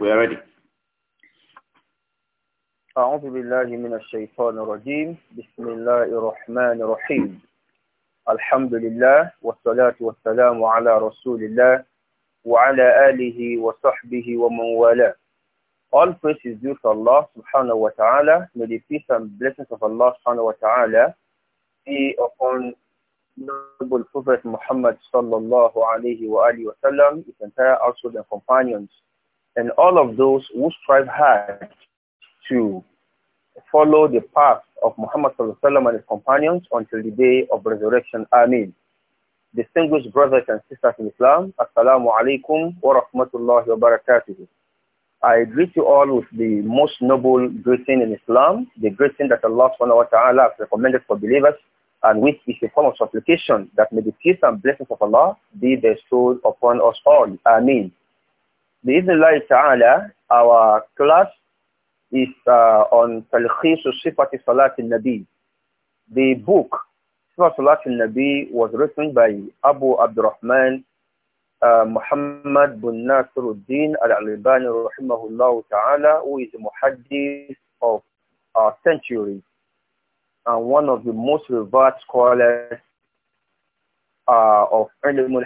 We are ready. أعوذ بالله من الشيطان الرجيم بسم الله الرحمن الرحيم الحمد لله والصلاة والسلام على رسول الله وعلى آله وصحبه ومن والاه All praise is due to Allah subhanahu wa ta'ala. May the peace and blessings of Allah subhanahu wa ta'ala be upon noble Prophet Muhammad sallallahu alayhi wa alihi wa sallam, his entire household and companions and all of those who strive hard to follow the path of Muhammad sallam, and his companions until the day of resurrection. Amin. Distinguished brothers and sisters in Islam, Assalamu alaikum wa rahmatullahi wa barakatuh. I greet you all with the most noble greeting in Islam, the greeting that Allah subhanahu wa ta'ala has recommended for believers and which is a form of supplication that may the peace and blessings of Allah be bestowed upon us all. Amin. بإذن ta'ala, our class is uh, on Talkhis Sifati Salat al-Nabi. The book, Sifat Salat al-Nabi, was written by Abu Abdurrahman uh, Muhammad bin Nasruddin al-Albani rahimahullah ta'ala, who is a muhaddith of our century and one of the most revered scholars uh, of animal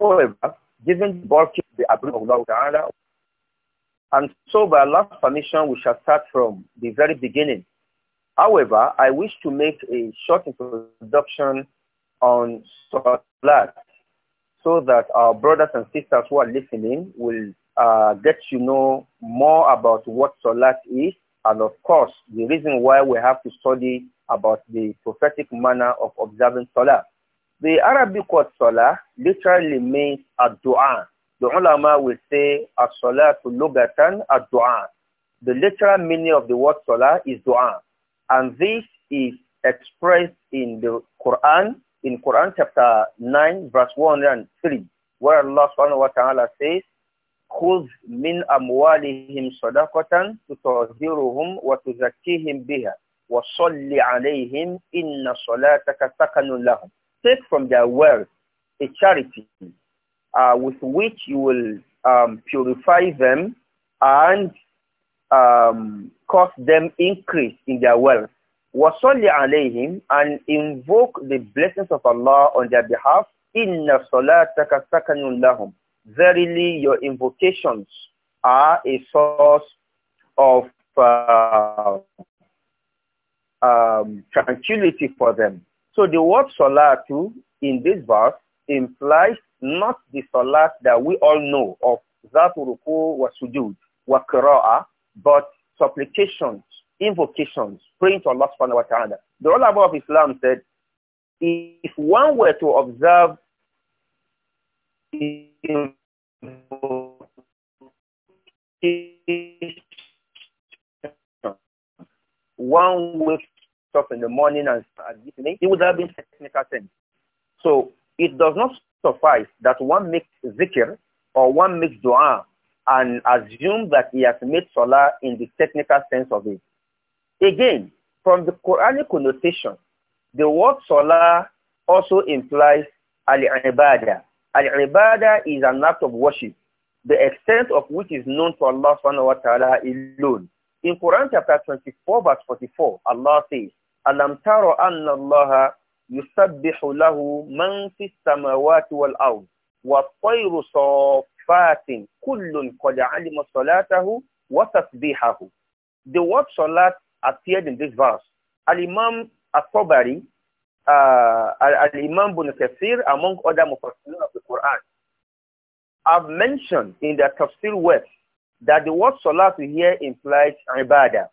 However, given the bulk the approval of Allah Ta'ala, and so by Allah's permission, we shall start from the very beginning. However, I wish to make a short introduction on Salat so that our brothers and sisters who are listening will uh, get to know more about what Salat is. And of course, the reason why we have to study about the prophetic manner of observing Salah. The Arabic word Salah literally means a dua The ulama will say as to lugatan a dua The literal meaning of the word Salah is du'a. And this is expressed in the Quran, in Quran chapter 9, verse 103, where Allah subhanahu wa ta'ala says, خذ من أموالهم صدقة تطهرهم وتزكيهم بها وصل عليهم إن صلاتك سكن لهم Take from their wealth a charity uh, with which you will um, purify them and um, cause them increase in their wealth. وَصَلِّ عَلَيْهِمْ and invoke the blessings of Allah on their behalf. إِنَّ صَلَاتَكَ سَكَنٌ لَهُمْ verily your invocations are a source of uh, um, tranquility for them. So the word salatu in this verse implies not the salat that we all know of zaturuku wa sujud wa qira'ah, but supplications, invocations, praying to Allah subhanahu wa ta'ala. The Allāh of Islam said, if one were to observe one wakes up in the morning and starts listening, it would have been technical sense. So it does not suffice that one makes zikr or one makes dua and assume that he has made salah in the technical sense of it. Again, from the Quranic connotation, the word salah also implies al-ibadah, Al-ibadah is an act of worship, the extent of which is known to Allah subhanahu wa ta'ala alone. In Quran chapter 24 verse 44, Allah says, أَلَمْ تَرَ أَنَّ اللَّهَ يُسَبِّحُ لَهُ مَنْ فِي السَّمَوَاتِ وَالْأَرْضِ وَالطَّيْرُ صَافَّاتٍ كُلٌّ قَدْ عَلِمَ wa وَتَسْبِيحَهُ The word salat appeared in this verse. Al-Imam At-Tabari uh, Al-Imam bin Kathir, among other Mufassirun of the Quran, have mentioned in their tafsir works that the word salat here implies ibadah.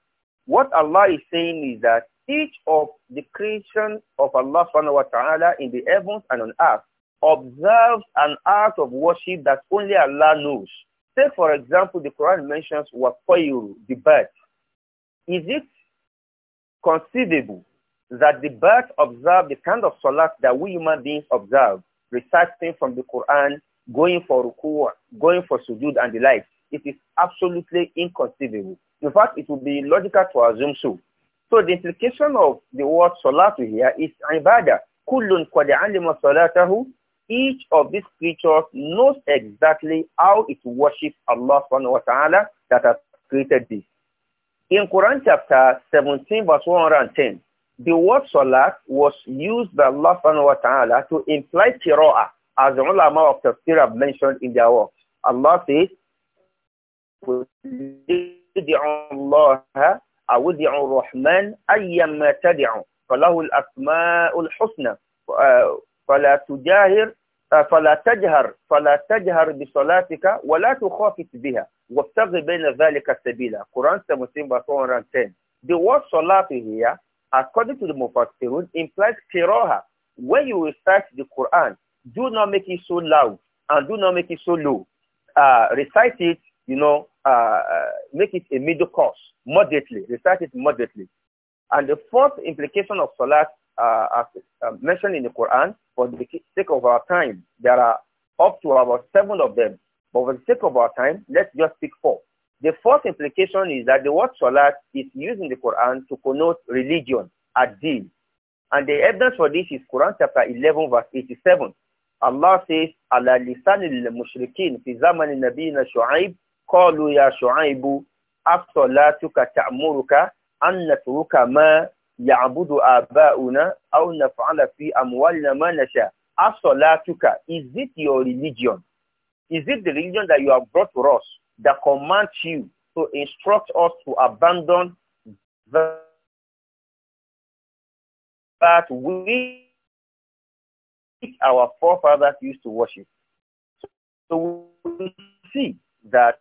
What Allah is saying is that each of the creation of Allah subhanahu wa ta'ala in the heavens and on earth observes an act of worship that only Allah knows. Say for example, the Quran mentions waqayru, the bird. Is it conceivable that the birds observe the kind of salat that we human beings observe, reciting from the Quran, going for ruku, going for sujud and the like. It is absolutely inconceivable. In fact, it would be logical to assume so. So the implication of the word salat here is ibadah. Kullun qad alima salatahu. Each of these creatures knows exactly how it worships Allah subhanahu wa ta'ala that has created this. In Quran chapter 17 verse 110, the word salat was used by Allah subhanahu wa ta'ala to imply qira'ah, as the ulama of tafsir have mentioned in their works. Allah says, Allah أودعوا الرحمن أيما تدعوا فله الأسماء الحسنى فلا تجاهر فلا تجهر فلا تجهر بصلاتك ولا تخافت بها وابتغ بين ذلك سبيلا Quran 17 verse 110 The word salat here according to the Mufassirun, implies kiroha, When you recite the Quran, do not make it so loud and do not make it so low. Uh, recite it, you know, uh, uh make it a middle course, moderately. Recite it moderately. And the fourth implication of Salat, uh, as uh, mentioned in the Quran, for the sake of our time, there are up to about seven of them. But for the sake of our time, let's just pick four. The fourth implication is that the word salat is used in the Quran to connote religion, ad-din. And the evidence for this is Quran chapter 11 verse 87. Allah says, "Ala lisan al-mushrikin fi zaman nabiyina Shu'aib qalu ya Shu'aibu as-salatuka ta'muruka an natruka ma ya'budu aba'una aw naf'ala fi amwalina nasha." as is it your religion? Is it the religion that you have brought to us? that commands you to instruct us to abandon the, that we our forefathers used to worship. So we see that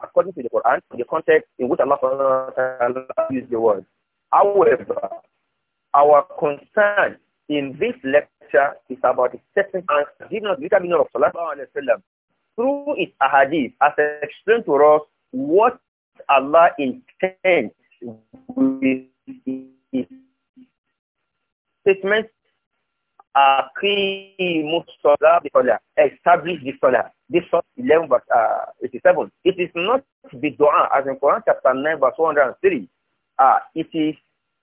according to the Quran, the context in which Allah used the word. However, our concern in this lecture is about the second answer given of the meaning of Sallallahu Alaihi Wasallam through its ahadith as explained to us what Allah intends with his statements Aqimus the Salah, establish the Salah. This verse 11 verse uh, 87. It is not the dua as in Quran chapter 9 verse 103 uh, it is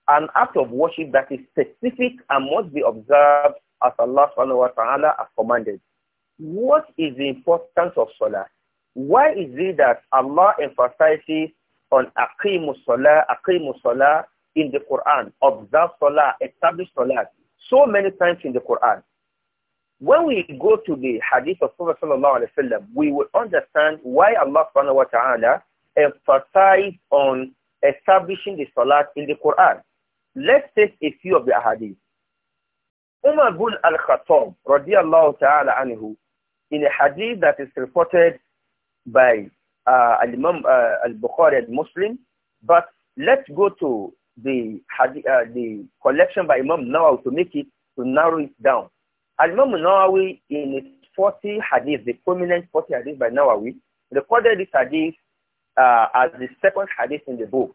an act of worship that is specific and must be observed as Allah subhanahu wa ta'ala has commanded. What is the importance of salah? Why is it that Allah emphasizes on aqimus salah, aqimus salah in the Quran, observe salah, establish salah, so many times in the Quran? When we go to the hadith of Prophet sallallahu alaihi wasallam, we will understand why Allah subhanahu wa ta'ala emphasized on establishing the salat in the Quran. Let's take a few of the hadith. Umar bin al-Khattab, radiallahu ta'ala anhu, in a hadith that is reported by uh, al-Imam uh, al-Bukhari and Muslim, but let's go to the hadith, uh, the collection by Imam Nawawi to make it, to narrow it down. imam Nawawi, in his 40 hadith, the prominent 40 hadith by Nawawi, recorded this hadith uh, as the second hadith in the book.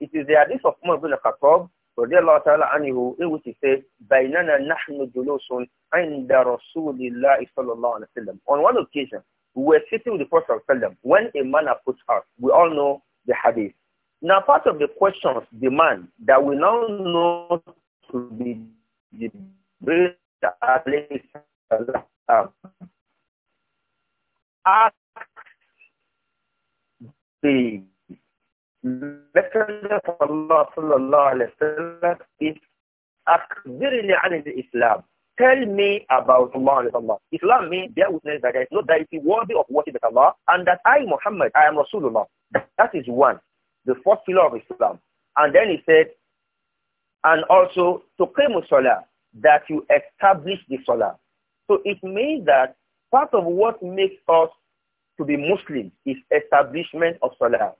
It is the hadith of Umar ibn Khattab, radiallahu ta'ala anhu, in which he says, بَيْنَنَا نَحْنُ جُلُوسٌ عِنْدَ رَسُولِ اللَّهِ صَلَّى اللَّهُ عَلَيْهِ وسلم. On one occasion, we were sitting with the Prophet sallam when a man approached us. We all know the hadith. Now, part of the questions demand that we now know to be the great alayhi salam asked the Messenger of Allah sallallahu alayhi wa sallam is أخبرني عن Tell me about Allah Allah. Islam means bear witness that there is no deity worthy of worship but Allah and that I, Muhammad, I am Rasulullah. That is one, the first pillar of Islam. And then he said, and also to Salah, that you establish the Salah. So it means that part of what makes us to be Muslim is establishment of Salah.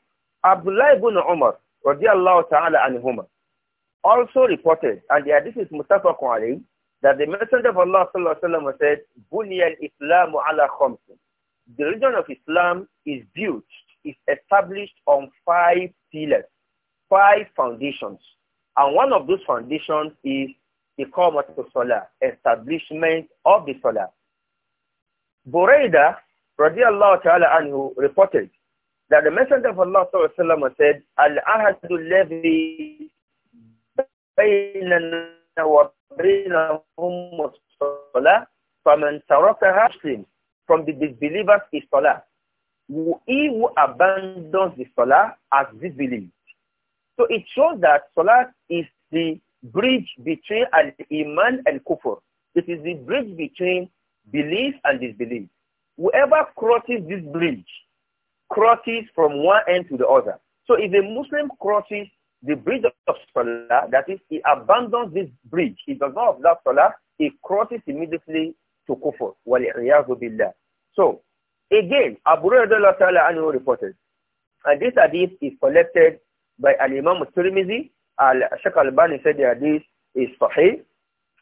Abdullah ibn Umar, radiallahu ta'ala anhuma, also reported, and this is Mustafa alayh, that the Messenger of Allah sallallahu said, Bunya al-Islamu ala khamsin. The religion of Islam is built, is established on five pillars, five foundations. And one of those foundations is the Qamat al-Salah, establishment of the Salah. Buraida radiallahu ta'ala anhu reported that the Messenger of Allah sallallahu said, Al-ahadu levi bainana wa bainahum salah faman tarakaha muslim. From the disbelievers is salah. He who abandons the salah has disbelieved. So it shows that salah is the bridge between al-iman and kufr. It is the bridge between belief and disbelief. Whoever crosses this bridge crosses from one end to the other. So if a Muslim crosses the bridge of Salah, that is, he abandons this bridge, he does not observe Salah, he crosses immediately to Kufr. So again, Abu Hurairah reported, and this hadith is collected by Al-Imam al-Tirmidhi, Al-Shaq al-Bani said the hadith is Sahih.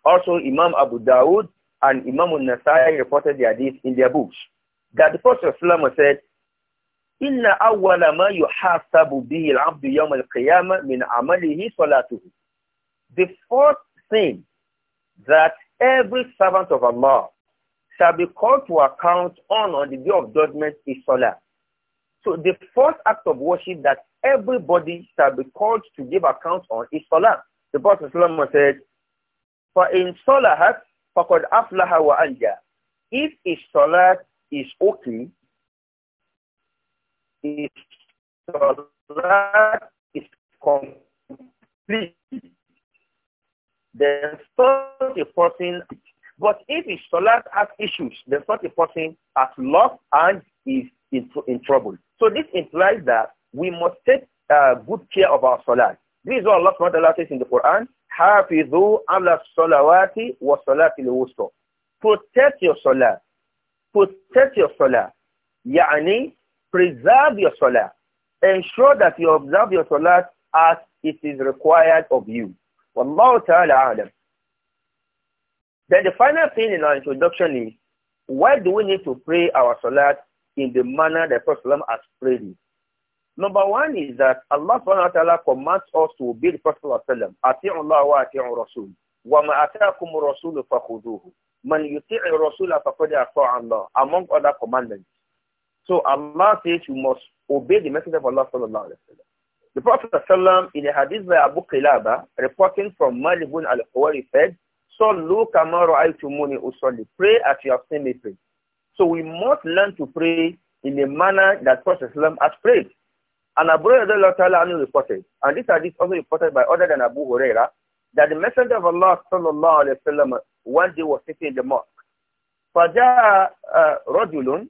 Also Imam Abu Dawud and Imam al-Nasai reported the hadith in their books that the Prophet said, Inna awwala ma yuhasabu bihi al-abdu yawm al-qiyamah min amalihi salatuhu. The first thing that every servant of Allah shall be called to account on on the day of judgment is salah. So the first act of worship that everybody shall be called to give account on is salah. The Prophet said, For in salahat فَقَدْ أَفْلَحَ وَأَنْجَى If his salat is okay, his salat is complete, then such a person, but if his salat has issues, then such person has lost and is in, in trouble. So this implies that we must take uh, good care of our salat. This is what Allah subhanahu says in the Quran. Hafidhu ala salawati wa salati al-wusta. Protect your salah. Protect your salah. Ya'ni, preserve your salah. Ensure that you observe your salah as it is required of you. Wallahu ta'ala alam. Then the final thing in our introduction is, why do we need to pray our salah in the manner that Prophet has prayed it? Number one is that Allah subhanahu wa ta'ala commands us to obey the Prophet sallallahu Allah wa ati'u Rasul. Wa ma ata'akum Rasul fakhuduhu. Man yuti'i Rasul faqad ata'a Allah. Among other commandments. So Allah says you must obey the message of Allah sallallahu alayhi wa sallam. The Prophet sallam in a hadith by Abu Qilaba reporting from Malik ibn al-Huwari said, Sallu kama ra'aytumuni usalli. Pray as you have seen me pray. So we must learn to pray in a manner that Prophet sallam has prayed. And Abu Hurairah reported, and this hadith also reported by other than Abu Hurairah, that the Messenger of Allah sallallahu alayhi wa sallam one day was sitting in the mosque. Fajr uh, رَجُلٌ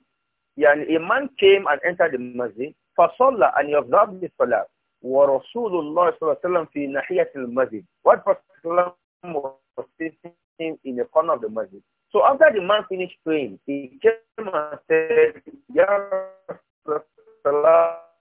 a man came and entered the masjid, فَصَلَّى and he observed the salah. wa اللَّهِ صلى الله عليه وسلم في ناحية What Prophet was sitting in the corner of the masjid. So after the man finished praying, he came and said, Ya Rasulullah,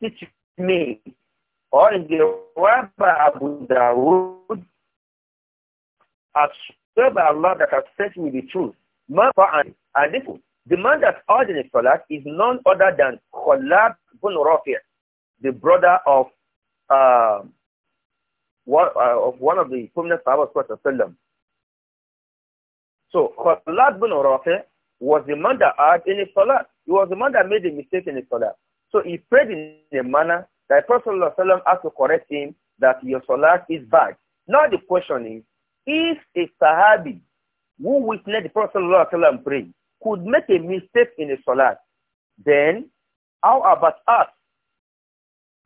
teach me. Or in the Rabbi Abu Dawood, as by Allah that has sent me the truth, father and Adifu. The man that ordained Salat is none other than Khalab bin the brother of uh, one, uh, of one of the prominent of Sallam. So Khalad bin was the man that had any salah. He was the man that made the mistake in the so he prayed in a manner that Prophet ﷺ has to correct him that your salat is bad. Now the question is, if a Sahabi who witnessed the Prophet pray could make a mistake in a salat, then how about us?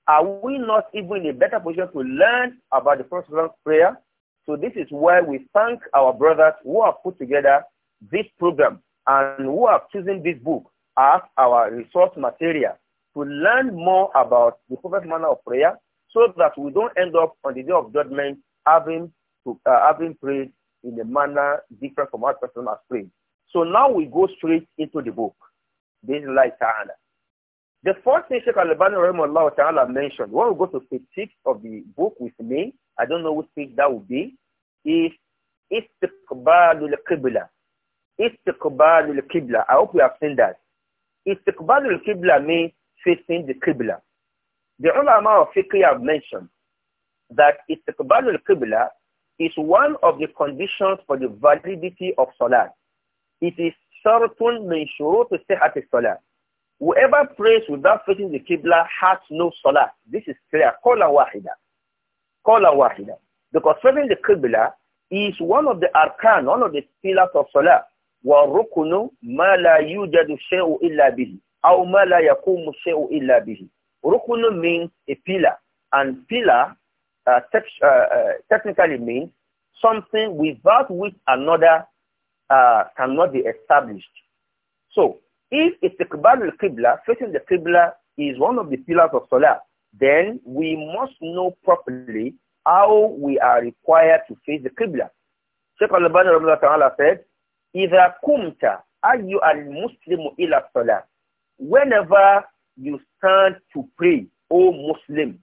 Are we not even in a better position to learn about the Prophet's prayer? So this is why we thank our brothers who have put together this program and who have chosen this book as our resource material to learn more about the proper manner of prayer so that we don't end up on the day of judgment having to, uh, having prayed in a manner different from our person has prayed. So now we go straight into the book. This is like Ta'ala. The first thing Sheikh Al-Bani Rahimahullah Ta'ala mentioned, when we go to page 6 of the book with me, I don't know which page that would be, is Istiqbalul Qibla. Istiqbalul Qibla. I hope you have seen that. Istiqbalul Qibla means facing the Qibla. The ulama of fiqh have mentioned that istiqbal al-Qibla is one of the conditions for the validity of Salah. It is shartun min shurut sihat Salah. Whoever prays without facing the Qibla has no Salah. This is clear. Qala wahida. Qala wahida. Because facing the Qibla is one of the arkan, one of the pillars of Salah. وَالرُّكُنُ مَا لَا يُوجَدُ شَيْءٌ إِلَّا بِهِ أو ما لا يقوم الشيء إلا به Rukun means a pillar and pillar uh, te uh, uh, technically means something without which another uh, cannot be established. So if istiqbal al-qibla, facing the qibla is one of the pillars of salah, then we must know properly how we are required to face the qibla. Sheikh al-Bani said, إِذَا كُمْتَ أَيُّ الْمُسْلِمُ إِلَى الصَّلَاةِ whenever you stand to pray, O Muslim,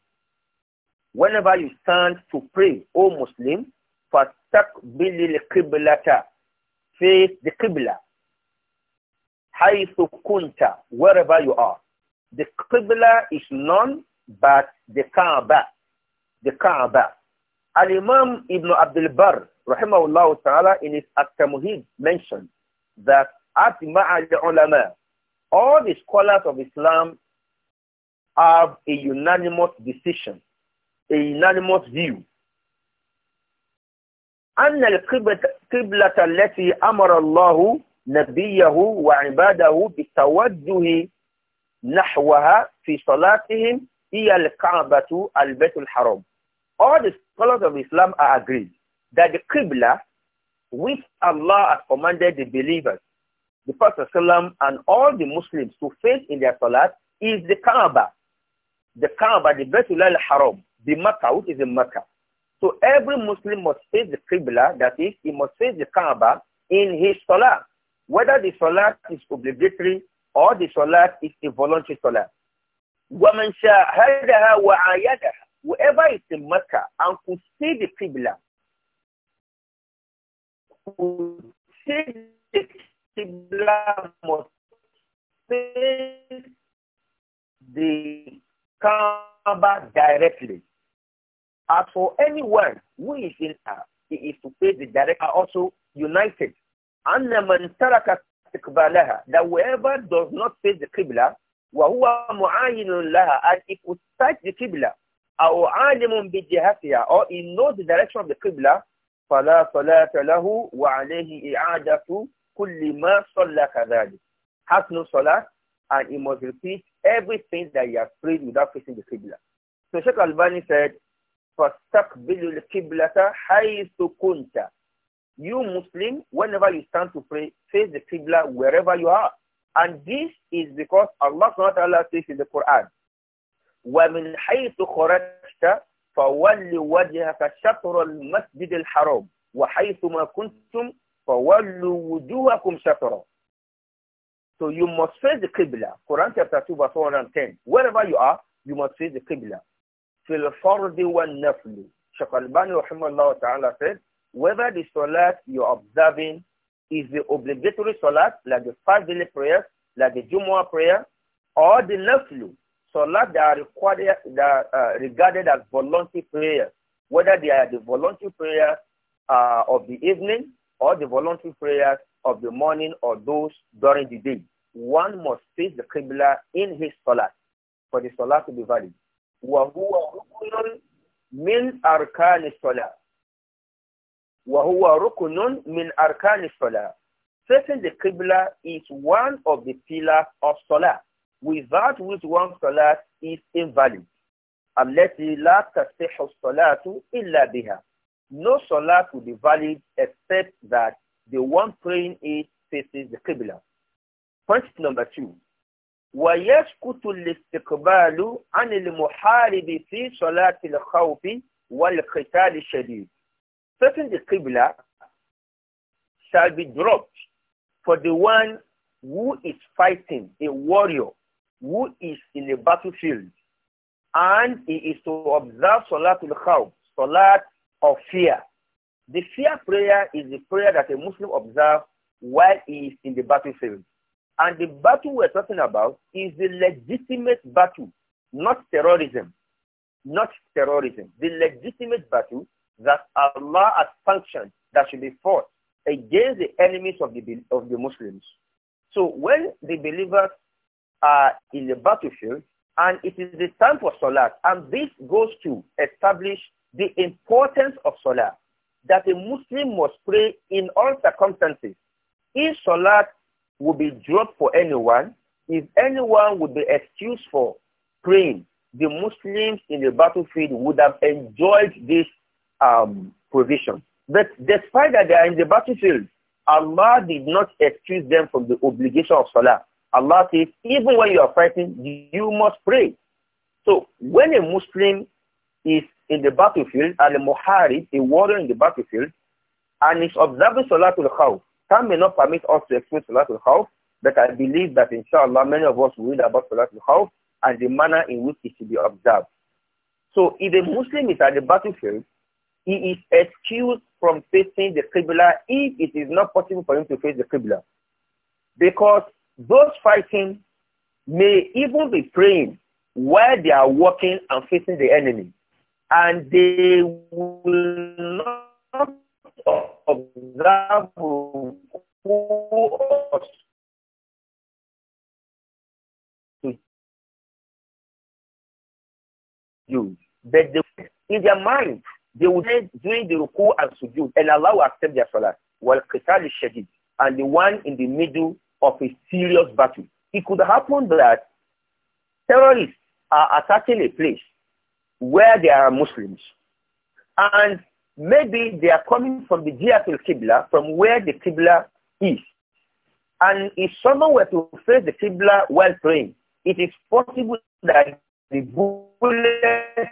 whenever you stand to pray, O Muslim, فَاسْتَقْبِلِ الْقِبْلَةَ Face the Qibla. حَيْثُ كُنْتَ Wherever you are. The Qibla is none but the Kaaba. The Kaaba. Al-Imam Ibn Abdul Barr, rahimahullah ta'ala, in his At-Tamuhid mentioned that al الْعُلَمَاء all the scholars of Islam have a unanimous decision, a unanimous view. أن القبلة التي أمر الله نبيه وعباده بالتوجه نحوها في صلاتهم هي الكعبة البيت الحرام. All the scholars of Islam are agreed that the Qibla, which Allah has commanded the believers the Prophet ﷺ and all the Muslims to face in their salat is the Kaaba. The Kaaba, the Baitul al-Haram, the Makkah, which is in Makkah. So every Muslim must face the Qibla, that is, he must face the Kaaba in his salat, whether the salat is obligatory or the salat is a voluntary salat. وَمَنْ شَاهَدَهَا وَعَيَدَهَا Whoever is in Mecca and could see the Qibla, could see the Qibla must face the Kaaba directly. As for anyone who is in uh, he is to face the direct are also united. أن من ترك استقبالها that whoever does not face the Qibla وهو معاين لها and if we touch the Qibla أو عالم بجهتها or he knows the direction of the Qibla فلا صلاة له وعليه إعادة kulli ma salla kadhalik. Has no salah and he must repeat everything that he has prayed without facing the Qibla. So Sheikh Albani said, فَاسْتَقْبِلُ الْقِبْلَةَ حَيْثُ كُنْتَ You Muslim, whenever you stand to pray, face the Qibla wherever you are. And this is because Allah subhanahu wa ta'ala says in the Quran, وَمِنْ حَيْثُ خَرَجْتَ فَوَلِّ وَجْهَكَ شَطْرَ الْمَسْجِدِ الْحَرَامِ وَحَيْثُ مَا كُنْتُمْ فَوَلُّوا وُجُوهَكُمْ شَطْرًا So you must face the Qibla. Quran chapter 2 verse 110. Wherever you are, you must face the Qibla. فِي الْفَرْضِ وَالنَّفْلِ Shaykh Al-Bani rahimahullah ta'ala said, whether the salat you're observing is the obligatory salat, like the five daily prayers, like the Jumu'ah prayer, or the naflu, salat that are, required, that are uh, regarded as voluntary prayers, whether they are the voluntary prayers uh, of the evening or the voluntary prayers of the morning or those during the day. One must face the Qibla in his salah for the salah to be valid. وَهُوَ رُكْنٌ مِنْ أَرْكَانِ الصَّلَاةِ وَهُوَ رُكْنٌ مِنْ أَرْكَانِ الصَّلَاةِ Facing the Qibla is one of the pillars of salah, without which one's salah is invalid. التي لا تصح الصلاة إلا بها no salah will be valid except that the one praying it faces the Qibla. Point number two. ويسكت الاستقبال عن المحارب في صلاة الخوف والقتال الشديد. Certain the Qibla shall be dropped for the one who is fighting, a warrior, who is in a battlefield, and he is to observe Salatul Khawf, Salat of fear. The fear prayer is the prayer that a Muslim observes while he is in the battlefield. And the battle we're talking about is the legitimate battle, not terrorism. Not terrorism. The legitimate battle that Allah has sanctioned that should be fought against the enemies of the, of the Muslims. So when the believers are in the battlefield, and it is the time for Salat, and this goes to establish the importance of Salah, that a Muslim must pray in all circumstances. If Salah would be dropped for anyone, if anyone would be excused for praying, the Muslims in the battlefield would have enjoyed this um, provision. But despite that they are in the battlefield, Allah did not excuse them from the obligation of Salah. Allah says, even when you are fighting, you must pray. So when a Muslim is in the battlefield, al-muharib, a warrior in the battlefield, and is observing Salatul Khawf. Time may not permit us to explain Salatul Khawf, but I believe that inshallah many of us will read about Salatul Khawf and the manner in which it should be observed. So if a Muslim is at the battlefield, he is excused from facing the Qibla if it is not possible for him to face the Qibla. Because those fighting may even be praying while they are walking and facing the enemy and they will not observe who to you. But in their mind, they will do the ruku and sujood, and Allah will accept their salah. While Qital is shadid, and the one in the middle of a serious battle. It could happen that terrorists are attacking a place where there are Muslims. And maybe they are coming from the Jiatul Qibla, from where the Qibla is. And if someone were to face the Qibla while praying, it is possible that the bullet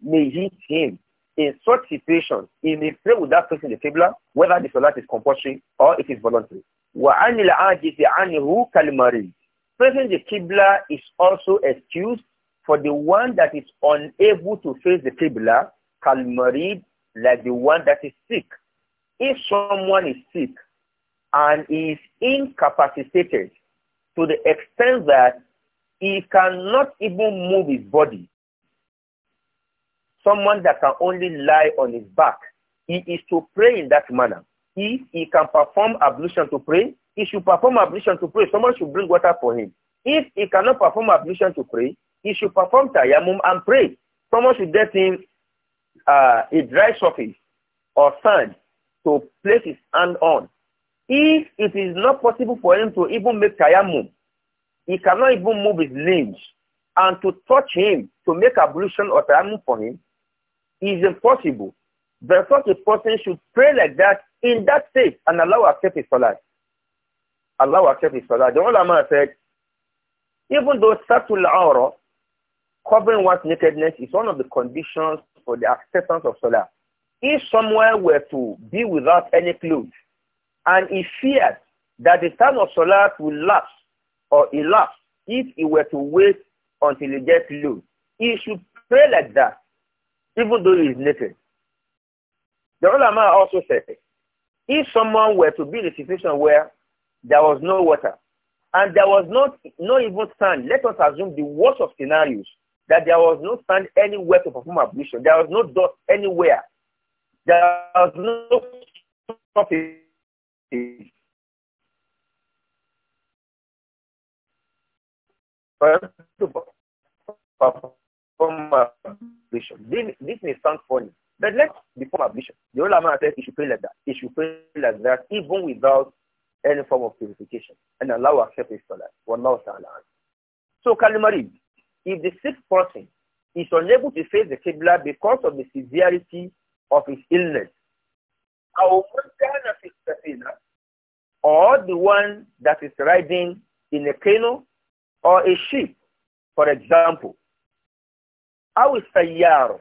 may hit him. In such situations, he may pray without facing the Qibla, whether the salat is compulsory or it is voluntary. وَعَنِ Facing the Qibla is also excused for the one that is unable to face the Qibla, Kalmarid, like the one that is sick. If someone is sick and is incapacitated to the extent that he cannot even move his body, someone that can only lie on his back, he is to pray in that manner. If he can perform ablution to pray, he should perform ablution to pray. Someone should bring water for him. If he cannot perform ablution to pray, he should perform tayammum and pray. Someone should get him uh, a dry surface or sand to place his hand on. If it is not possible for him to even make tayammum, he cannot even move his limbs, and to touch him to make ablution or tayammum for him is impossible. Therefore, a person should pray like that in that state and allow accept his salah. Allah accept his salah. The ulama said, even though satul awra covering one's nakedness is one of the conditions for the acceptance of Salah. If someone were to be without any clothes and he feared that the time of Salah will lapse or elapse if he were to wait until he gets clothes, he should pray like that, even though he is naked. The ulama also said, if someone were to be in a situation where there was no water and there was not no even sand, let us assume the worst of scenarios, that there was no sand anywhere to perform ablution. There was no dust anywhere. There was no surface. This, this may sound funny, but let's perform ablution. The ulama says it should pray like that. It should pray like that even without any form of purification. And Allah will accept his salah. Wallahu ta'ala. So Kalimari, if the sick person is unable to face the Qibla because of the severity of his illness, or the one that is riding in a canoe or a ship, for example, أو السيارة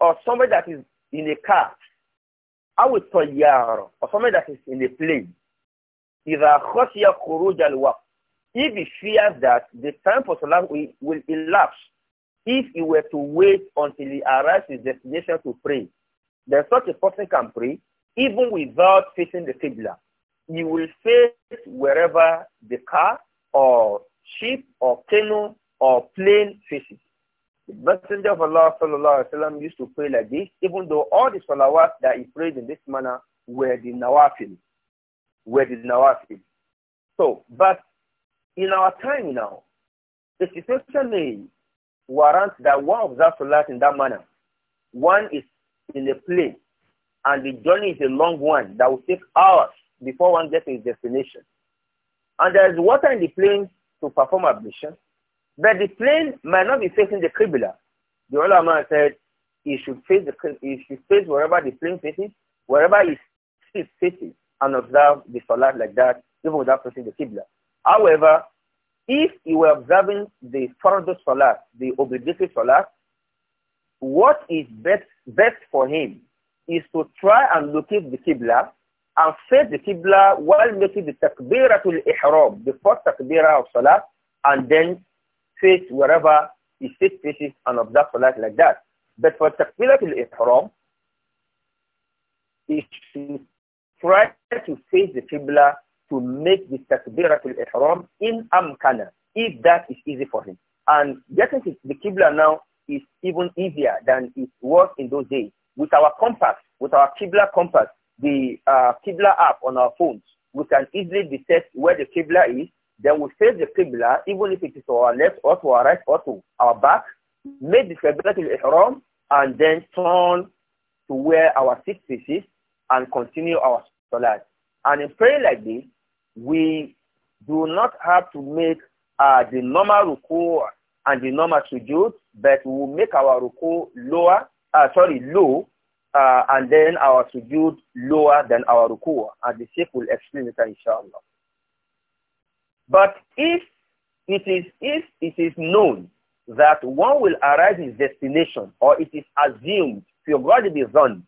or somebody that is in a car أو الطيارة or somebody that is in a plane إذا خشي خروج الوقت if he fears that the time for Salah will, will elapse, if he were to wait until he arrives his destination to pray, then such a person can pray even without facing the Qibla. He will face wherever the car or ship or canoe or plane faces. The Messenger of Allah sallallahu wasallam used to pray like this, even though all the salawat that he prayed in this manner were the nawafil, were the nawafil. So, but in our time now, the situation may warrant that one observes sun in that manner. One is in a plane, and the journey is a long one that will take hours before one gets to his destination. And there is water in the plane to perform ablution, but the plane might not be facing the Qibla. The man said he should face the he should face wherever the plane faces, wherever he sits faces, and observe the Salat like that, even without facing the Qibla. However, if you were observing the Fardu Salah, the obligatory Salah, what is best, best for him is to try and locate the Qibla and face the Qibla while making the Takbiratul Ihram, the first Takbirah of Salah, and then face wherever he sits faces and observe Salah like that. But for Takbiratul Ihram, he should try to face the Qibla to make the takbiratul ihram in amkana, if that is easy for him. And getting to the Qibla now is even easier than it was in those days. With our compass, with our Qibla compass, the uh, Qibla app on our phones, we can easily detect where the Qibla is. Then we face the Qibla, even if it is to our left or to our right or to our back, make the Qiblatul Ihram, and then turn to where our six is and continue our Salat. And in praying like this, we do not have to make uh, the normal ruku and the normal sujood, but we will make our ruku lower, uh, sorry, low, uh, and then our sujood lower than our ruku. And the Sheikh will explain it, inshallah. But if it is, if it is known that one will arrive his destination, or it is assumed, for God be done,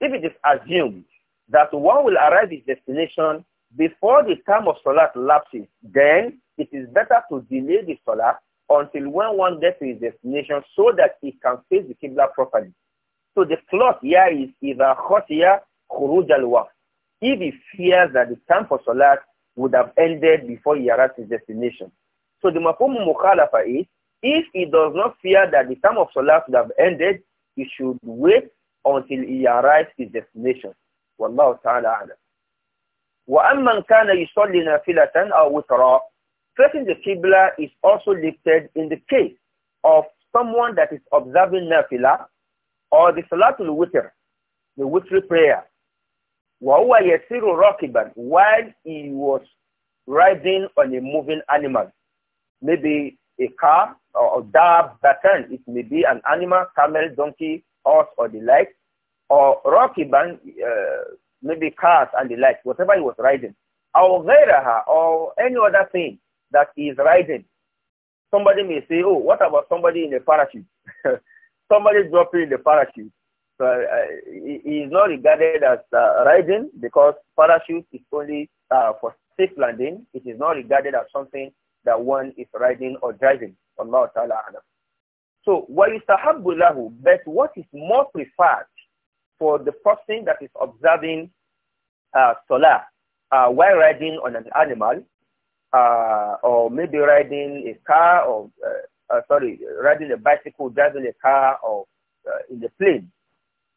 if it is assumed that one will arrive his destination before the time of salah lapses, then it is better to delay the salah until when one gets to his destination so that he can face the Qibla properly. So the plot here is either khosiyah khuruj al If he fears that the time for salah would have ended before he arrives his destination. So the mafhum mukhalafa is, if he does not fear that the time of salah would have ended, he should wait until he arrives his destination. Wallahu ta'ala a'lam. وَأَمَّنْ كَانَ يُصَلِّي نَافِلَةً أَوْ وِتْرًا Facing the Qibla is also lifted in the case of someone that is observing nafila or the Salatul Witr, the Witr prayer. وَهُوَ يَسِيرُ رَاكِبًا While he was riding on a moving animal, maybe a car or a dab, batan, it may be an animal, camel, donkey, horse or the like, or rakiban, uh, maybe cars and the like, whatever he was riding. Or غيرها, or any other thing that he is riding. Somebody may say, oh, what about somebody in a parachute? somebody dropping in the parachute. So uh, he, is not regarded as uh, riding because parachute is only uh, for safe landing. It is not regarded as something that one is riding or driving. Allah Ta'ala So, وَيُسْتَحَبُّ لَهُ But what is more preferred for the person that is observing uh, uh, while riding on an animal uh, or maybe riding a car or, uh, uh sorry, riding a bicycle, driving a car or uh, in the plane.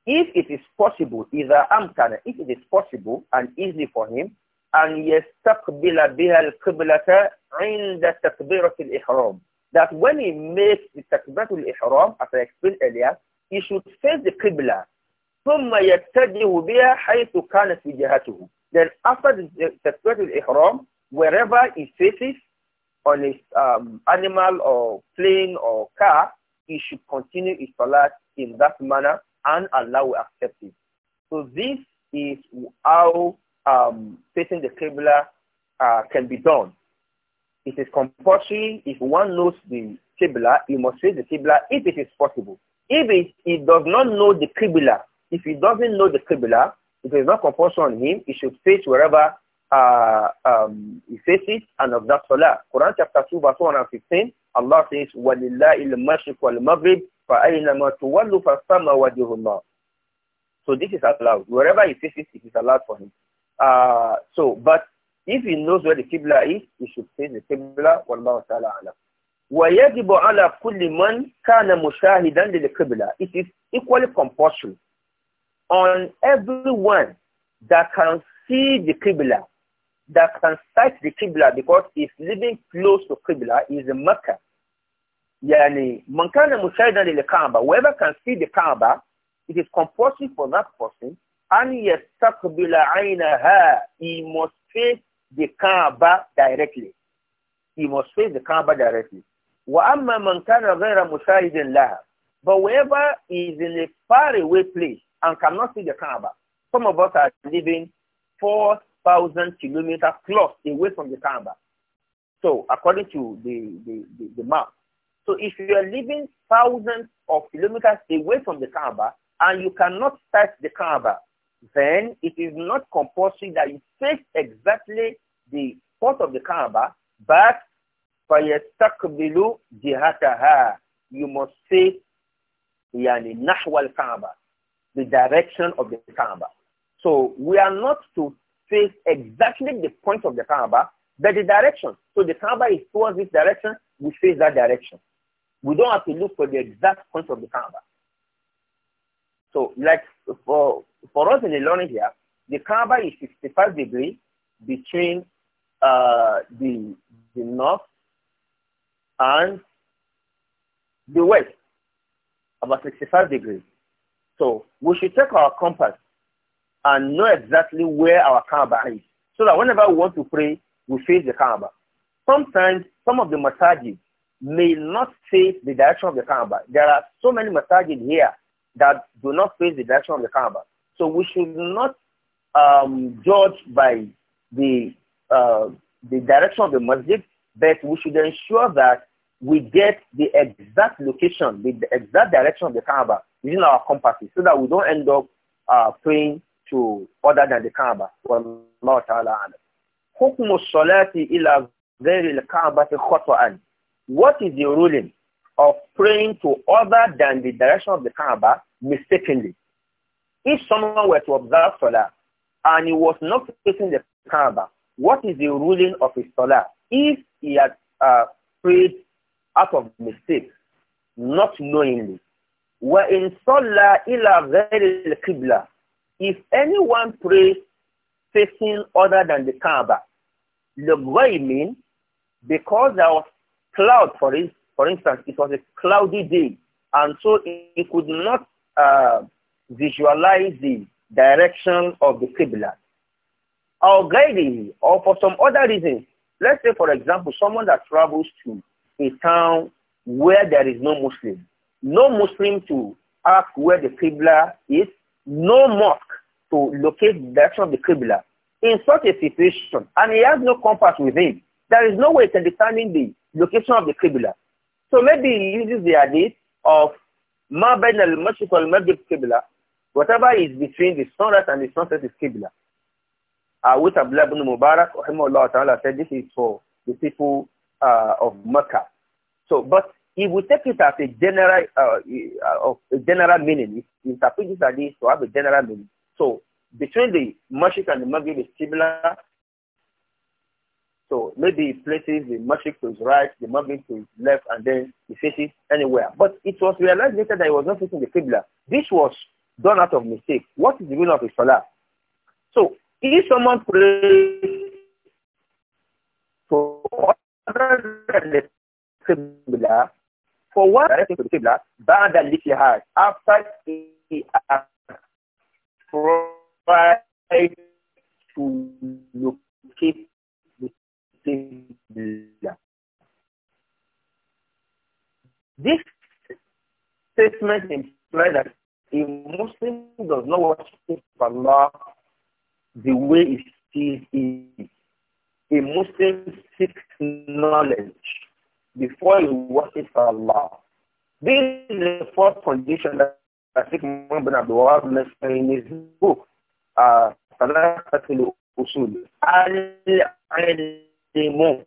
If it is possible, either amkana, if it is possible and easy for him, and يستقبل بها القبلة عند تكبيرة الإحرام. That when he makes the takbiratul ihram, as I explained earlier, he should face the qibla ثم يتجه بها حيث كانت وجهته. Then after the takbiratul ihram, wherever he faces on his um, animal or plane or car, he should continue his salat in that manner and Allah will accept it. So this is how um, facing the Qibla uh, can be done. It is compulsory if one knows the Qibla, he must face the Qibla if it is possible. If it, he does not know the Qibla, if he doesn't know the Qibla, it is not compulsory on him. He should face wherever uh, um, he faces and of that salah. Quran chapter 2 verse 115, Allah says, وَلِلَّهِ الْمَشْرِقُ وَالْمَغْرِبِ فَأَيْنَمَا تُوَلُّ فَالثَّمَّ وَجْهُ اللَّهِ So this is allowed. Wherever he faces, it is allowed for him. Uh, so, but if he knows where the Qibla is, he should face the Qibla, وَاللَّهُ تَعَالَى عَلَى وَيَجِبُ عَلَى كُلِّ مَنْ كَانَ مُشَاهِدًا لِلْقِبْلَةِ It is equally compulsory on everyone that can see the Qibla, that can sight the Qibla because he's living close to Qibla is a Mecca. Yani, man mushaidan lil Kaaba, whoever can see the Kaaba, it is compulsory for that person and yastaqbila aynaha, he must face the Kaaba directly. He must face the Kaaba directly. وَأَمَّا مَنْ كَانَ غَيْرَ مُشَاهِدٍ لَهَا But whoever is in a faraway place, and cannot see the Kaaba. Some of us are living 4,000 kilometers plus away from the Kaaba. So according to the, the, the, the map. So if you are living thousands of kilometers away from the Kaaba and you cannot touch the Kaaba, then it is not compulsory that you face exactly the part of the Kaaba, but فَيَسْتَقْبِلُ جِهَتَهَا You must face يعني نحو kaaba the direction of the caraba. So we are not to face exactly the point of the caraba, but the direction. So the caraba is towards this direction, we face that direction. We don't have to look for the exact point of the caraba. So like for, for us in the learning here, the caraba is 65 degrees between uh, the, the north and the west, about 65 degrees. So we should take our compass and know exactly where our Kaaba is. So that whenever we want to pray, we face the Kaaba. Sometimes some of the masajid may not face the direction of the Kaaba. There are so many masajid here that do not face the direction of the Kaaba. So we should not um, judge by the uh, the direction of the masjid, but we should ensure that we get the exact location, the exact direction of the Kaaba within our compasses so that we don't end up uh, praying to other than the Kaaba. What is the ruling of praying to other than the direction of the Kaaba mistakenly? If someone were to observe Salah and he was not facing the Kaaba, what is the ruling of his Salah? If he had uh, prayed out of mistake, not knowingly, وَإِنْ صَلَّى إِلَى غَيْرِ الْقِبْلَةِ If anyone prays facing other than the Kaaba, the mean because there was cloud, for, in for instance, it was a cloudy day, and so he could not uh, visualize the direction of the Qibla. Or guiding, or for some other reason. Let's say, for example, someone that travels to a town where there is no Muslim no Muslim to ask where the Qibla is, no mosque to locate the direction of the Qibla. In such a situation, and he has no compass with him, there is no way to determine the location of the Qibla. So maybe he uses the hadith of Ma the al al Qibla. Whatever is between the sunrise and the sunset is Qibla. Uh, which Abdullah ibn Mubarak, Allah Ta'ala said this is for the people uh, of Mecca. So, but he we take it as a general uh, uh of a general meaning. He interprets this to have a general meaning. So between the magic and the Maghrib is similar. So maybe he places the magic to his right, the Maghrib to his left, and then he faces anywhere. But it was realized later that he was not facing the Qibla. This was done out of mistake. What is the meaning of his salah? So if someone prays to other than the Qibla, for what direction to the Qibla, بعد الاتحاد, after he tried to locate the Qibla. This statement implies that a Muslim does not worship Allah the way he sees it. A Muslim seeks knowledge before you worship Allah. This is the first condition that I think Muhammad bin Abdul Wahab mentioned in his book, uh, Usul. Al-Ilm.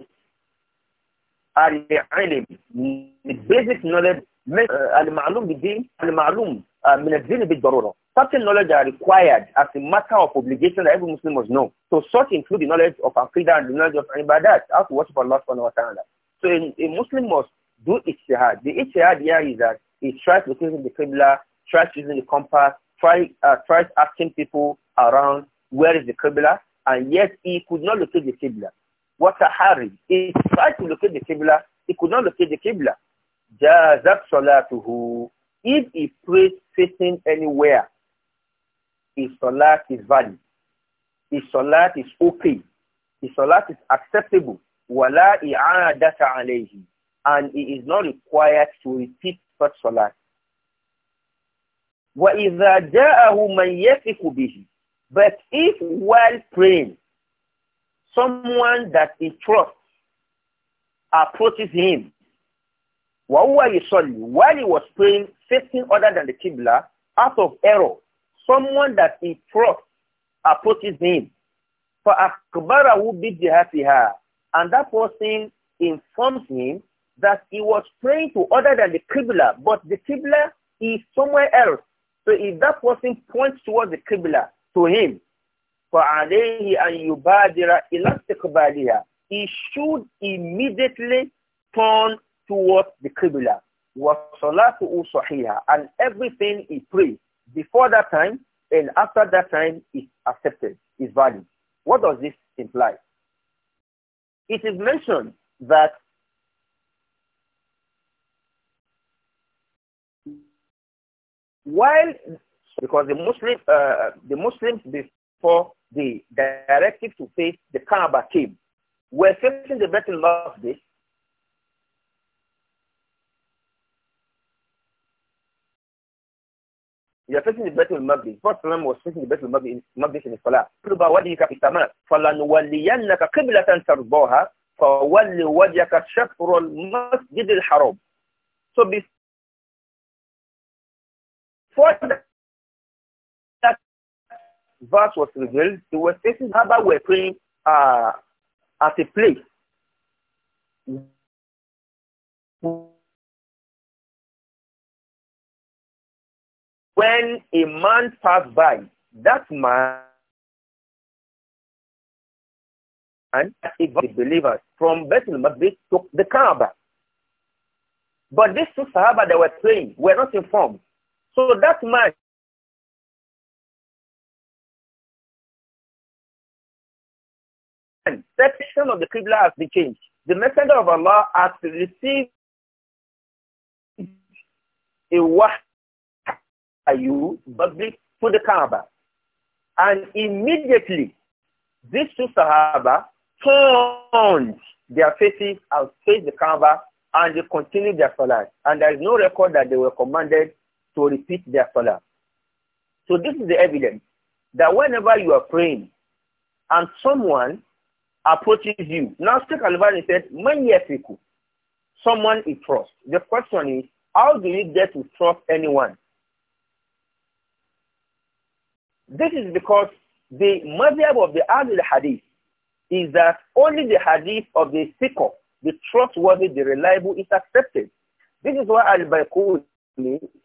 Al-Ilm. The basic knowledge, Al-Ma'lum bidin, Al-Ma'lum uh, min al-Din bid-Darura. Certain knowledge are required as a matter of obligation that every Muslim must know. So such include the knowledge of Aqidah and the knowledge of Ibadat, how to worship Allah subhanahu wa ta'ala. So a, a Muslim must do ijtihad. The ijtihad here is that he tries locating the Qibla, tries using the compass, try uh, tries asking people around where is the Qibla, and yet he could not locate the Qibla. What a hurry. He tried to locate the Qibla, he could not locate the Qibla. to salatuhu. If he prays facing anywhere, his salat is valid. His salat is okay. His salat is acceptable wala i'adata alayhi and he is not required to repeat such salat wa idha ja'ahu man yafiqu bihi but if while praying someone that he trusts approaches him wa huwa yusalli while he was praying facing other than the qibla out of error someone that he trusts approaches him فأخبره بجهتها and that person informs him that he was praying to other than the Qibla, but the Qibla is somewhere else. So if that person points towards the Qibla, to him, فَعَلَيْهِ أَنْ يُبَادِرَ إِلَى اسْتِقْبَالِهَا He should immediately turn towards the Qibla. وَصَلَاتُهُ صَحِيحًا And everything he prays before that time and after that time is accepted, is valid. What does this imply? it is mentioned that while because the Muslim uh, the Muslims before the directive to face the Kaaba came were facing the battle of this They are facing the of Maqdis. First Imam was facing the of Maqdis in Salah. Qulba wajhika fi sama. فَلَنُوَلِّيَنَّكَ قِبْلَةً تَرْضَاهَا فَوَلِّ وَجْهَكَ شَطْرَ الْمَسْجِدِ الْحَرَامِ So before that verse was revealed, they were facing Kaaba were praying uh, at a place when a man passed by, that man and the believers from Bethel Maqdis to the Kaaba. But these two Sahaba that were praying were not informed. So that man section of the Qibla has been changed. The Messenger of Allah has received a wahd you public to the Kaaba. And immediately, these two Sahaba turned their faces and faced the Kaaba and they continued their salah. And there is no record that they were commanded to repeat their salah. So this is the evidence that whenever you are praying and someone approaches you, now Sheikh Albani said, Man yafiku, someone you trust. The question is, how do you get to trust anyone? This is because the madhab of the Ahl hadith is that only the hadith of the seeker, the trustworthy, the reliable is accepted. This is why Al-Baykuni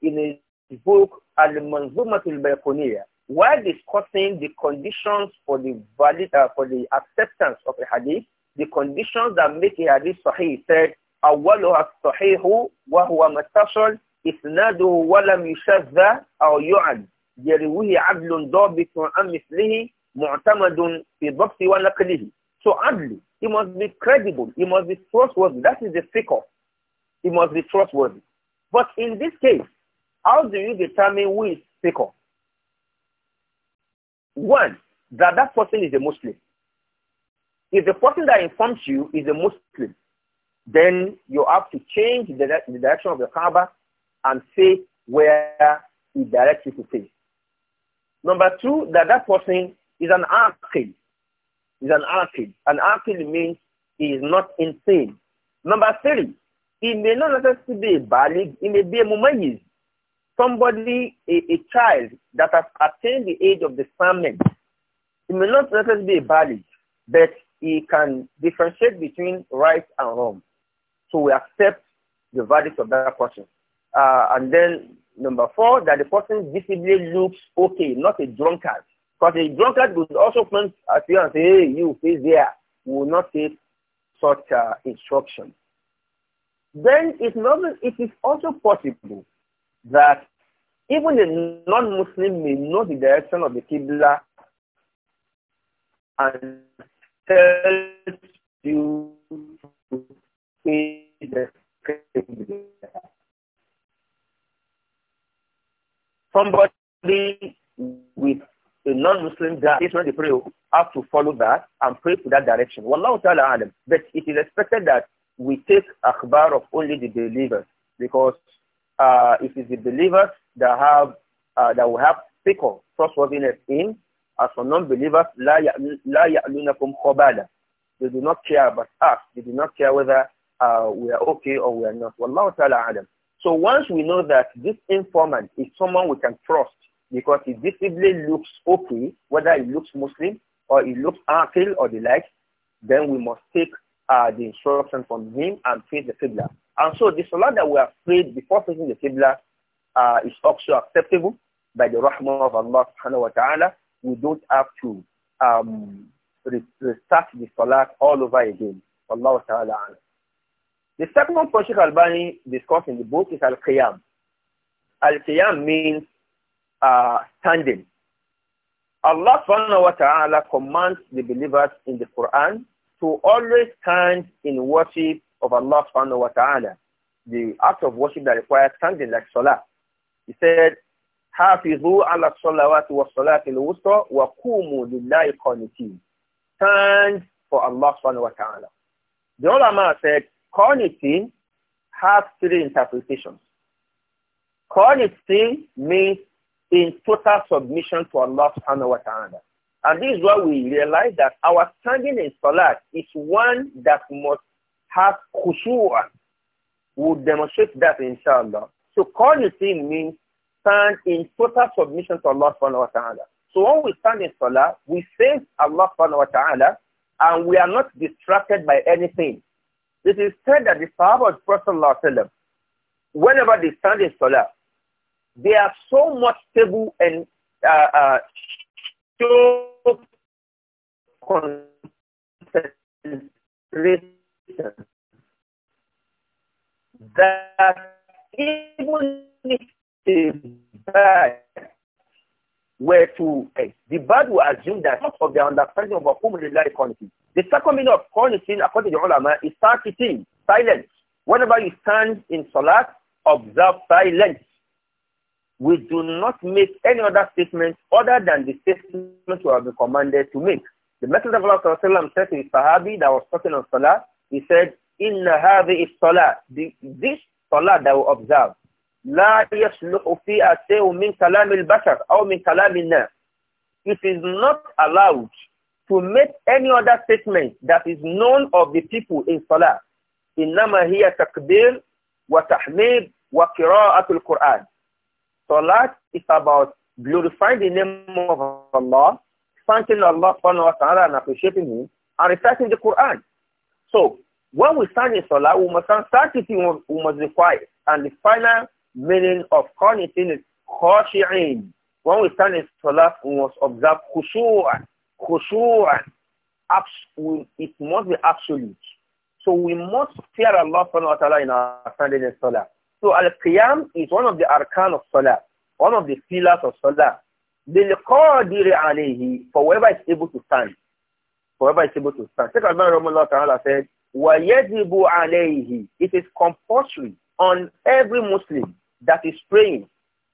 in his book Al-Manzumat al-Baykuniya, while discussing the conditions for the valid, uh, for the acceptance of a hadith, the conditions that make a hadith sahih, he said, أولها الصحيح وهو متصل إسناده ولم يشذ أو يعد يرويه عدل ضابط عن مثله معتمد في ضبط ونقله so عدل he must be credible he must be trustworthy that is the figure he must be trustworthy but in this case how do you determine who is speaker? one that that person is a Muslim if the person that informs you is a Muslim then you have to change the, the direction of the Kaaba and say where he directs you to face. Number two, that that person is an aqil. Is an aqil. An aqil means he is not insane. Number three, he may not necessarily be a balig, he may be a mumayiz. Somebody, a, a, child that has attained the age of discernment. He may not necessarily be a balig, but he can differentiate between right and wrong. So we accept the verdict of that person. Uh, and then number four, that the person visibly looks okay, not a drunkard. Because a drunkard would also point at you and say, hey, you, face there. will not take such uh, instruction. Then not, it is also possible that even a non-Muslim may know the direction of the Qibla and tell you to face the Qibla. somebody with a non-Muslim that is not the pray have to follow that and pray to that direction. Wallahu ta'ala alam. But it is expected that we take akhbar of only the believers because uh, it is the believers that have uh, that will have fiqh, trustworthiness in. As for non-believers, la ya'lunakum khabala. They do not care about us. They do not care whether uh, we are okay or we are not. Wallahu ta'ala alam. So once we know that this informant is someone we can trust because he visibly looks okay, whether he looks Muslim or he looks Akil or the like, then we must take uh, the instruction from him and face the Qibla. And so the salah that we have prayed before facing the Qibla uh, is also acceptable by the rahmah of Allah subhanahu wa ta'ala. We don't have to um, restart the salah all over again. Allah ta'ala the second point Sheikh Albani discussed in the book is Al-Qiyam. Al-Qiyam means uh, standing. Allah subhanahu wa ta'ala commands the believers in the Quran to always stand in worship of Allah subhanahu wa ta'ala. The act of worship that requires standing like salah. He said, حافظوا على الصلوات والصلاة wa وقوموا لله قانتين. Stand for Allah subhanahu wa ta'ala. The ulama said, Qanitin has three interpretations. Qanitin means in total submission to Allah subhanahu wa ta'ala. And this is why we realize that our standing in Salat is one that must have khushu'ah. We'll demonstrate that inshallah. So qanitin means stand in total submission to Allah subhanahu wa ta'ala. So when we stand in Salah, we face Allah subhanahu wa ta'ala and we are not distracted by anything. It is said that the Sahaba of Prophet ﷺ, whenever they stand in Salah, they are so much stable and uh, uh, so concentration that even if the bad were to, the bad will assume that not of the understanding of whom they like quantity, the second meaning of qanitin, according to the ulama, is sakitin, silence. Whenever you stand in salat, observe silence. We do not make any other statement other than the statement we have been commanded to make. The Messenger of Allah said to his Sahabi that was talking on salah, he said, "In hadhi is salah. This salah that we observe, لا يصلح فيها شيء من كلام البشر أو من كلام الناس. It is not allowed to make any other statement that is known of the people in Salah. إنما هي تكبير وتحميد وقراءة القرآن. Salah is about glorifying the name of Allah, thanking Allah subhanahu wa ta'ala and appreciating Him, and reciting the Quran. So, when we stand in Salah, we must start it, we must be quiet. And the final meaning of Qur'an is khashi'in. When we stand in Salah, we must observe khushu'ah khushu'an, it must be absolute. So we must fear Allah subhanahu wa ta'ala in our standing in Salah. So Al-Qiyam is one of the arkan of Salah, one of the pillars of Salah. لِلْقَادِرِ alayhi, For whoever is able to stand. whoever is able to stand. Sheikh Al-Bahra Ta'ala said, وَيَجِبُ عَلَيْهِ It is compulsory on every Muslim that is praying.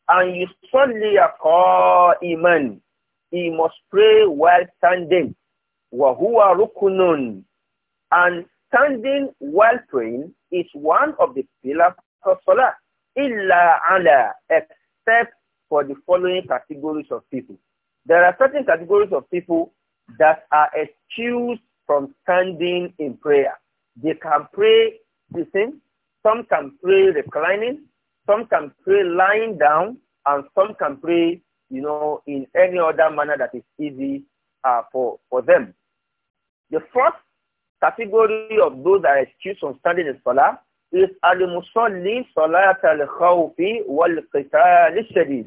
And you suddenly are iman he must pray while standing. Wahua rukunun. And standing while praying is one of the pillars of salah. Illa ala, except for the following categories of people. There are certain categories of people that are excused from standing in prayer. They can pray sitting, some can pray reclining, some can pray lying down, and some can pray you know, in any other manner that is easy uh, for, for them. The first category of those that are excused from standing in Salah is al-musalli salat al-khawfi wal al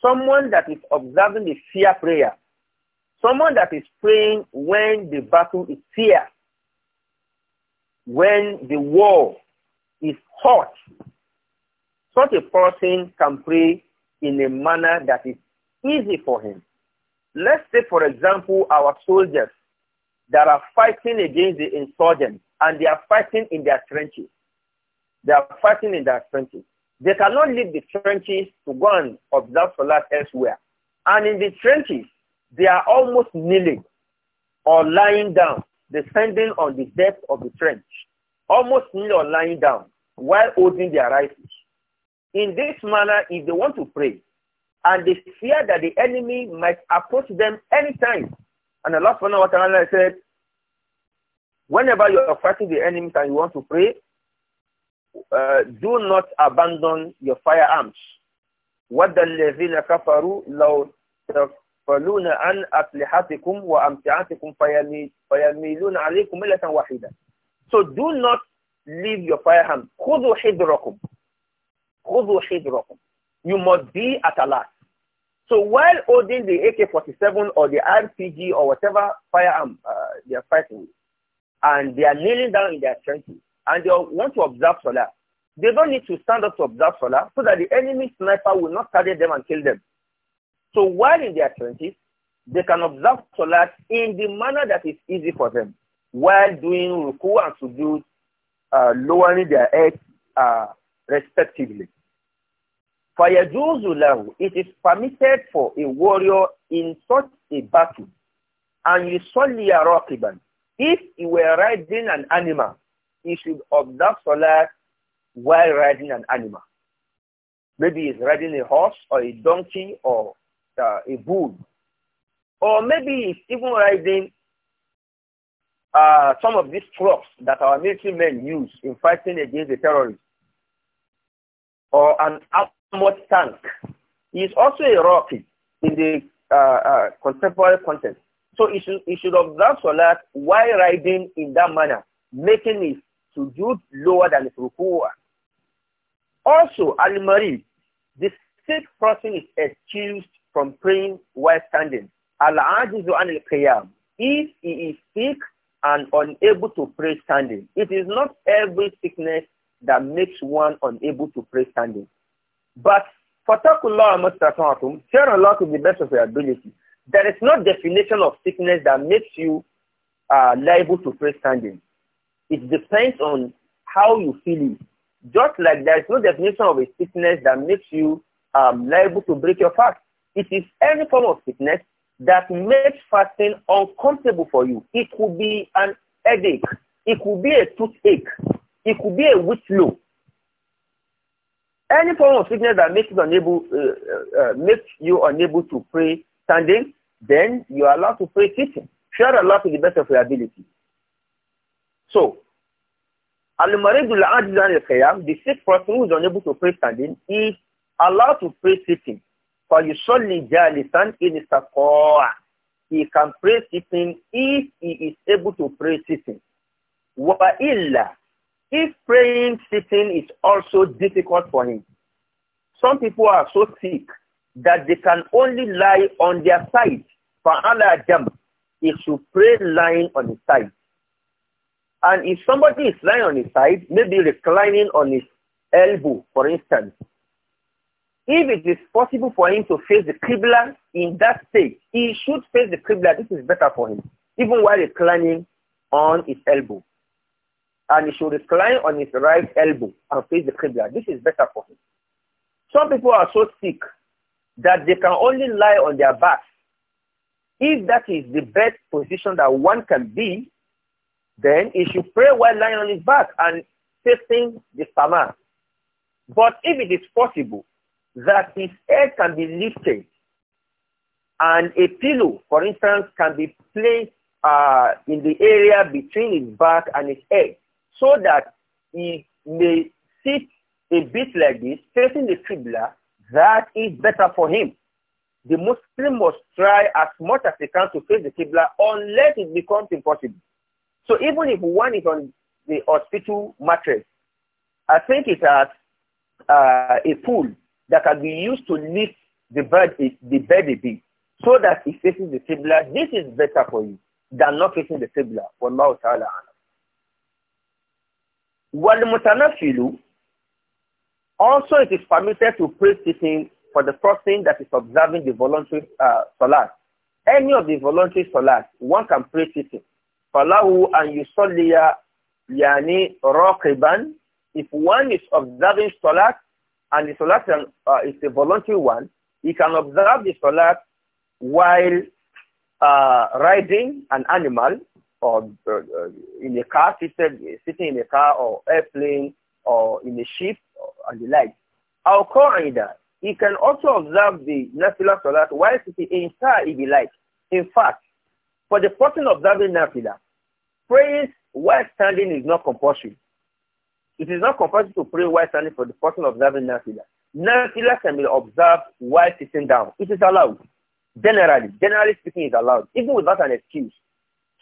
Someone that is observing the fear prayer. Someone that is praying when the battle is fierce. When the war is hot. Such a person can pray in a manner that is easy for him. Let's say, for example, our soldiers that are fighting against the insurgents and they are fighting in their trenches. They are fighting in their trenches. They cannot leave the trenches to go and observe Salat elsewhere. And in the trenches, they are almost kneeling or lying down, depending on the depth of the trench, almost kneeling or lying down while holding their rifles in this manner if they want to pray and they fear that the enemy might approach them anytime. And Allah subhanahu wa ta'ala said, whenever you are fighting the enemy and you want to pray, uh, do not abandon your firearms. كَفَرُوا لَوْ عَنْ فَيَمِيلُونَ عَلَيْكُمْ مِلَّةً وَاحِدًا So do not leave your firearms. خُذُوا حِذْرَكُمْ you must be at alert. So while holding the AK-47 or the RPG or whatever firearm uh, they are fighting with, and they are kneeling down in their trenches, and they want to observe Salah, they don't need to stand up to observe Salah so that the enemy sniper will not target them and kill them. So while in their trenches, they can observe Salah in the manner that is easy for them, while doing ruku and sujud, uh, lowering their head. uh, respectively. فَيَجُوزُ It is permitted for a warrior in such a battle and you a رَاقِبًا If he were riding an animal, he should observe solar while riding an animal. Maybe he's riding a horse or a donkey or uh, a bull. Or maybe he's even riding uh, some of these trucks that our military men use in fighting against the terrorists or an armored tank. He is also a rocket in the uh, uh, contemporary context. So he should, he should observe Salat while riding in that manner, making his sujood lower than his rukuwa. Also, Al-Mari, the sick person is excused from praying while standing. Al-Ajizu anil qiyam. If he is sick and unable to pray standing, it is not every sickness that makes one unable to pray standing. But for fatakullah mustata'atum, fear Allah to the best of your ability. There is no definition of sickness that makes you uh, liable to pray standing. It depends on how you feel it. Just like there is no definition of a sickness that makes you um, liable to break your fast. It is any form of sickness that makes fasting uncomfortable for you. It could be an headache. It could be a toothache. It could be a weak low. Any form of sickness that makes you unable, uh, uh, uh, makes you unable to pray standing, then you are allowed to pray sitting. Share Allah to the best of your ability. So, Al-Maridul Ajizan al the sick person who is unable to pray standing, is allowed to pray sitting. For you surely stand in istaqa'a. He can pray sitting if he is able to pray sitting. Wa illa If praying sitting is also difficult for him, some people are so sick that they can only lie on their side. For Allah Adam, he should pray lying on his side. And if somebody is lying on his side, maybe reclining on his elbow, for instance, if it is possible for him to face the Qibla in that state, he should face the Qibla. This is better for him, even while reclining on his elbow and he should recline on his right elbow and face the Qibla. This is better for him. Some people are so sick that they can only lie on their back. If that is the best position that one can be, then he should pray while lying on his back and facing the Sama. But if it is possible that his head can be lifted and a pillow, for instance, can be placed uh, in the area between his back and his head, so that he may sit a bit like this, facing the Qibla, that is better for him. The Muslim must try as much as he can to face the Qibla unless it becomes impossible. So even if one is on the hospital mattress, I think it has uh, a pool that can be used to lift the bed, the bed a bit so that he faces the Qibla. This is better for you than not facing the Qibla. Wallahu ta'ala Walmutanafilu, also it is permitted to pray sitting for the person that is observing the voluntary uh, salat. Any of the voluntary salat, one can pray sitting. Falahu and yusalliya yani raqiban. If one is observing salat and the salat uh, is a voluntary one, he can observe the salat while uh, riding an animal or uh, in a car, seated, sitting in a car or airplane or in a ship and the like. Our qaida, he can also observe the nafila salat while sitting in car if he likes. In fact, for the person observing nafila, praying while standing is not compulsory. It is not compulsory to pray while standing for the person observing nafila. Nafila can be observed while sitting down. It is allowed. Generally, generally speaking, it's allowed, even without an excuse.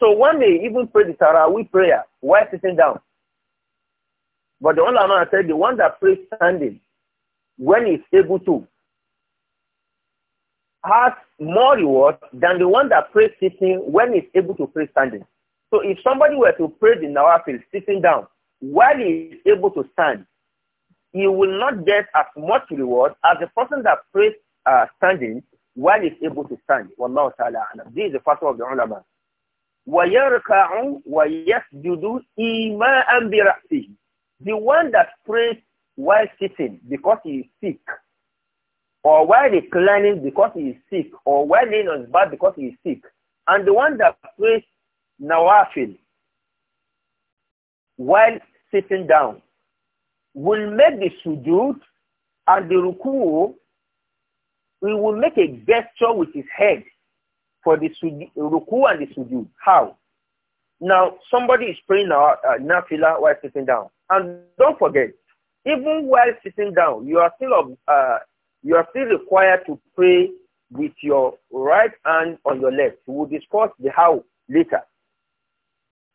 So when they even pray the Tarawih prayer, ah, while sitting down? But the ulama said the one that prays standing, when he's able to, has more reward than the one that prays sitting when he's able to pray standing. So if somebody were to pray the Nawafil sitting down while he's is able to stand, he will not get as much reward as the person that prays uh, standing while he's able to stand. This is the fatwa of the ulama. وَيَرْكَعُ وَيَسْجُدُ إِمَاءً بِرَأْسِهِ The one that prays while sitting because he is sick, or while reclining because he is sick, or while laying on his back because he is sick, and the one that prays nawafil while sitting down will make the sujood and the ruku, he will make a gesture with his head for the ruku and the sujud. How? Now, somebody is praying now, uh, nafila while sitting down. And don't forget, even while sitting down, you are still, uh, you are still required to pray with your right hand on your left. We'll discuss the how later.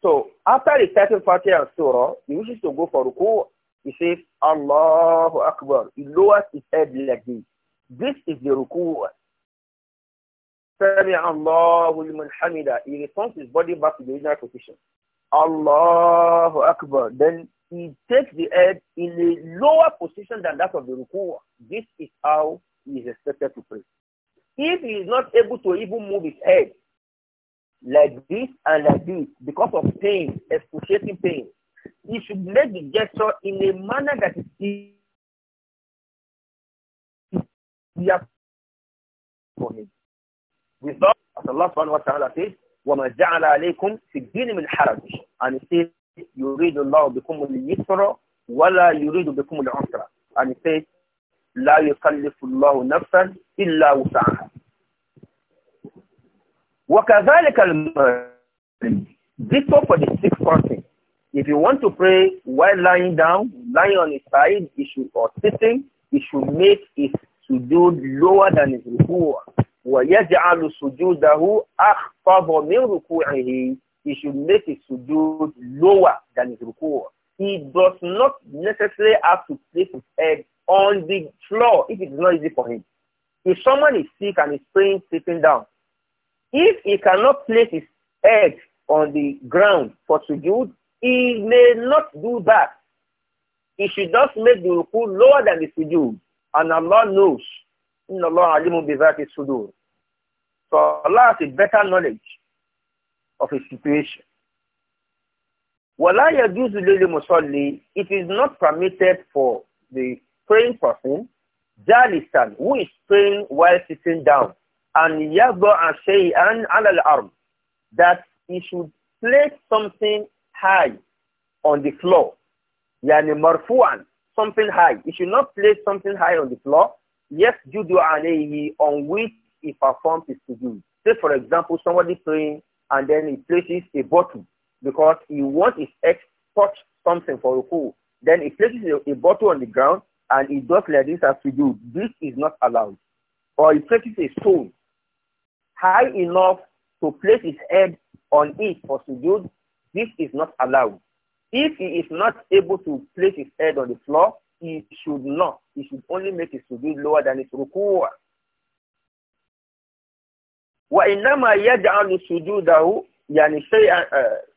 So after reciting Fatiha and Surah, he wishes to go for ruku. He says, Allahu Akbar. He lowers his head like this. This is the ruku Sami Allahu liman hamida. He returns his body back to the original position. Allahu Akbar. Then he takes the head in a lower position than that of the ruku. This is how he is expected to pray. If he is not able to even move his head like this and like this because of pain, excruciating pain, he should make the gesture in a manner that is easy for him. Wisdom, as Allah subhanahu wa ta'ala says, وَمَا جَعَلَ عَلَيْكُمْ فِي الدِّينِ مِنْ حَرَجٍ And it says, يُرِيدُ اللَّهُ بِكُمُ الْيِسْرَ وَلَا يُرِيدُ بِكُمُ الْعُسْرَ And it says, لَا يُكَلِّفُ اللَّهُ نَفْسًا إِلَّا وُسَعَهَا وَكَذَلِكَ الْمَرِضِ This one for the sixth person. If you want to pray while lying down, lying on his side, he should, or sitting, he should make his sujood lower than his ruku'ah. وَيَجْعَلُ سُجُودَهُ أَخْفَضَ مِنْ رُكُوعِهِ He should make his sujood lower than his ruku'. He does not necessarily have to place his head on the floor if it is not easy for him. If someone is sick and is praying sitting down, if he cannot place his head on the ground for sujood, he may not do that. He should just make the ruku lower than the sujood. And Allah knows Inna Allah alimu bivati sudur. So Allah has a better knowledge of a situation. Wala yajuzu lil musalli, it is not permitted for the praying person, jalisan, who is praying while sitting down, and yadha'a shay'an ala al-arm, that he should place something high on the floor. Yani marfu'an, something high. He should not place something high on the floor, yes, judu alayhi, on which he performs his sujood. Say, for example, somebody praying and then he places a bottle because he wants his ex touch something for a ruku. Then he places a, a, bottle on the ground and he does like this as sujood. This is not allowed. Or he places a stone high enough to place his head on it for sujood. This is not allowed. If he is not able to place his head on the floor, he should not. He should only make his sujood lower than his ruku'ah. وإنما يجعل سجوده يعني شيئا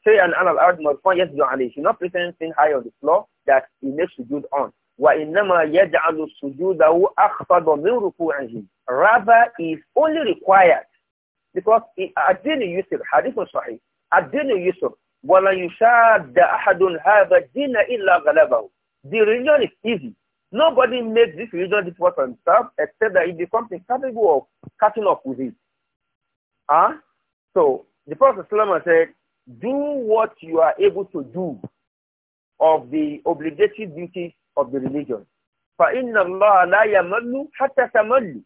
شيئا على الأرض مرفوعا يسجد عليه. He not place anything high on the floor that he makes sujood on. وإنما يجعل سجوده أخفض من ركوعه. Rather is only required because الدين يسر حديث صحيح الدين يسر ولا يشاد أحد هذا الدين إلا غلبه. The religion is easy. Nobody makes this religion difficult for himself except that he becomes incapable of catching up with it. Huh? So the Prophet said, do what you are able to do of the obligatory duties of the religion. فَإِنَّ اللَّهَ لَا يَمَلُّ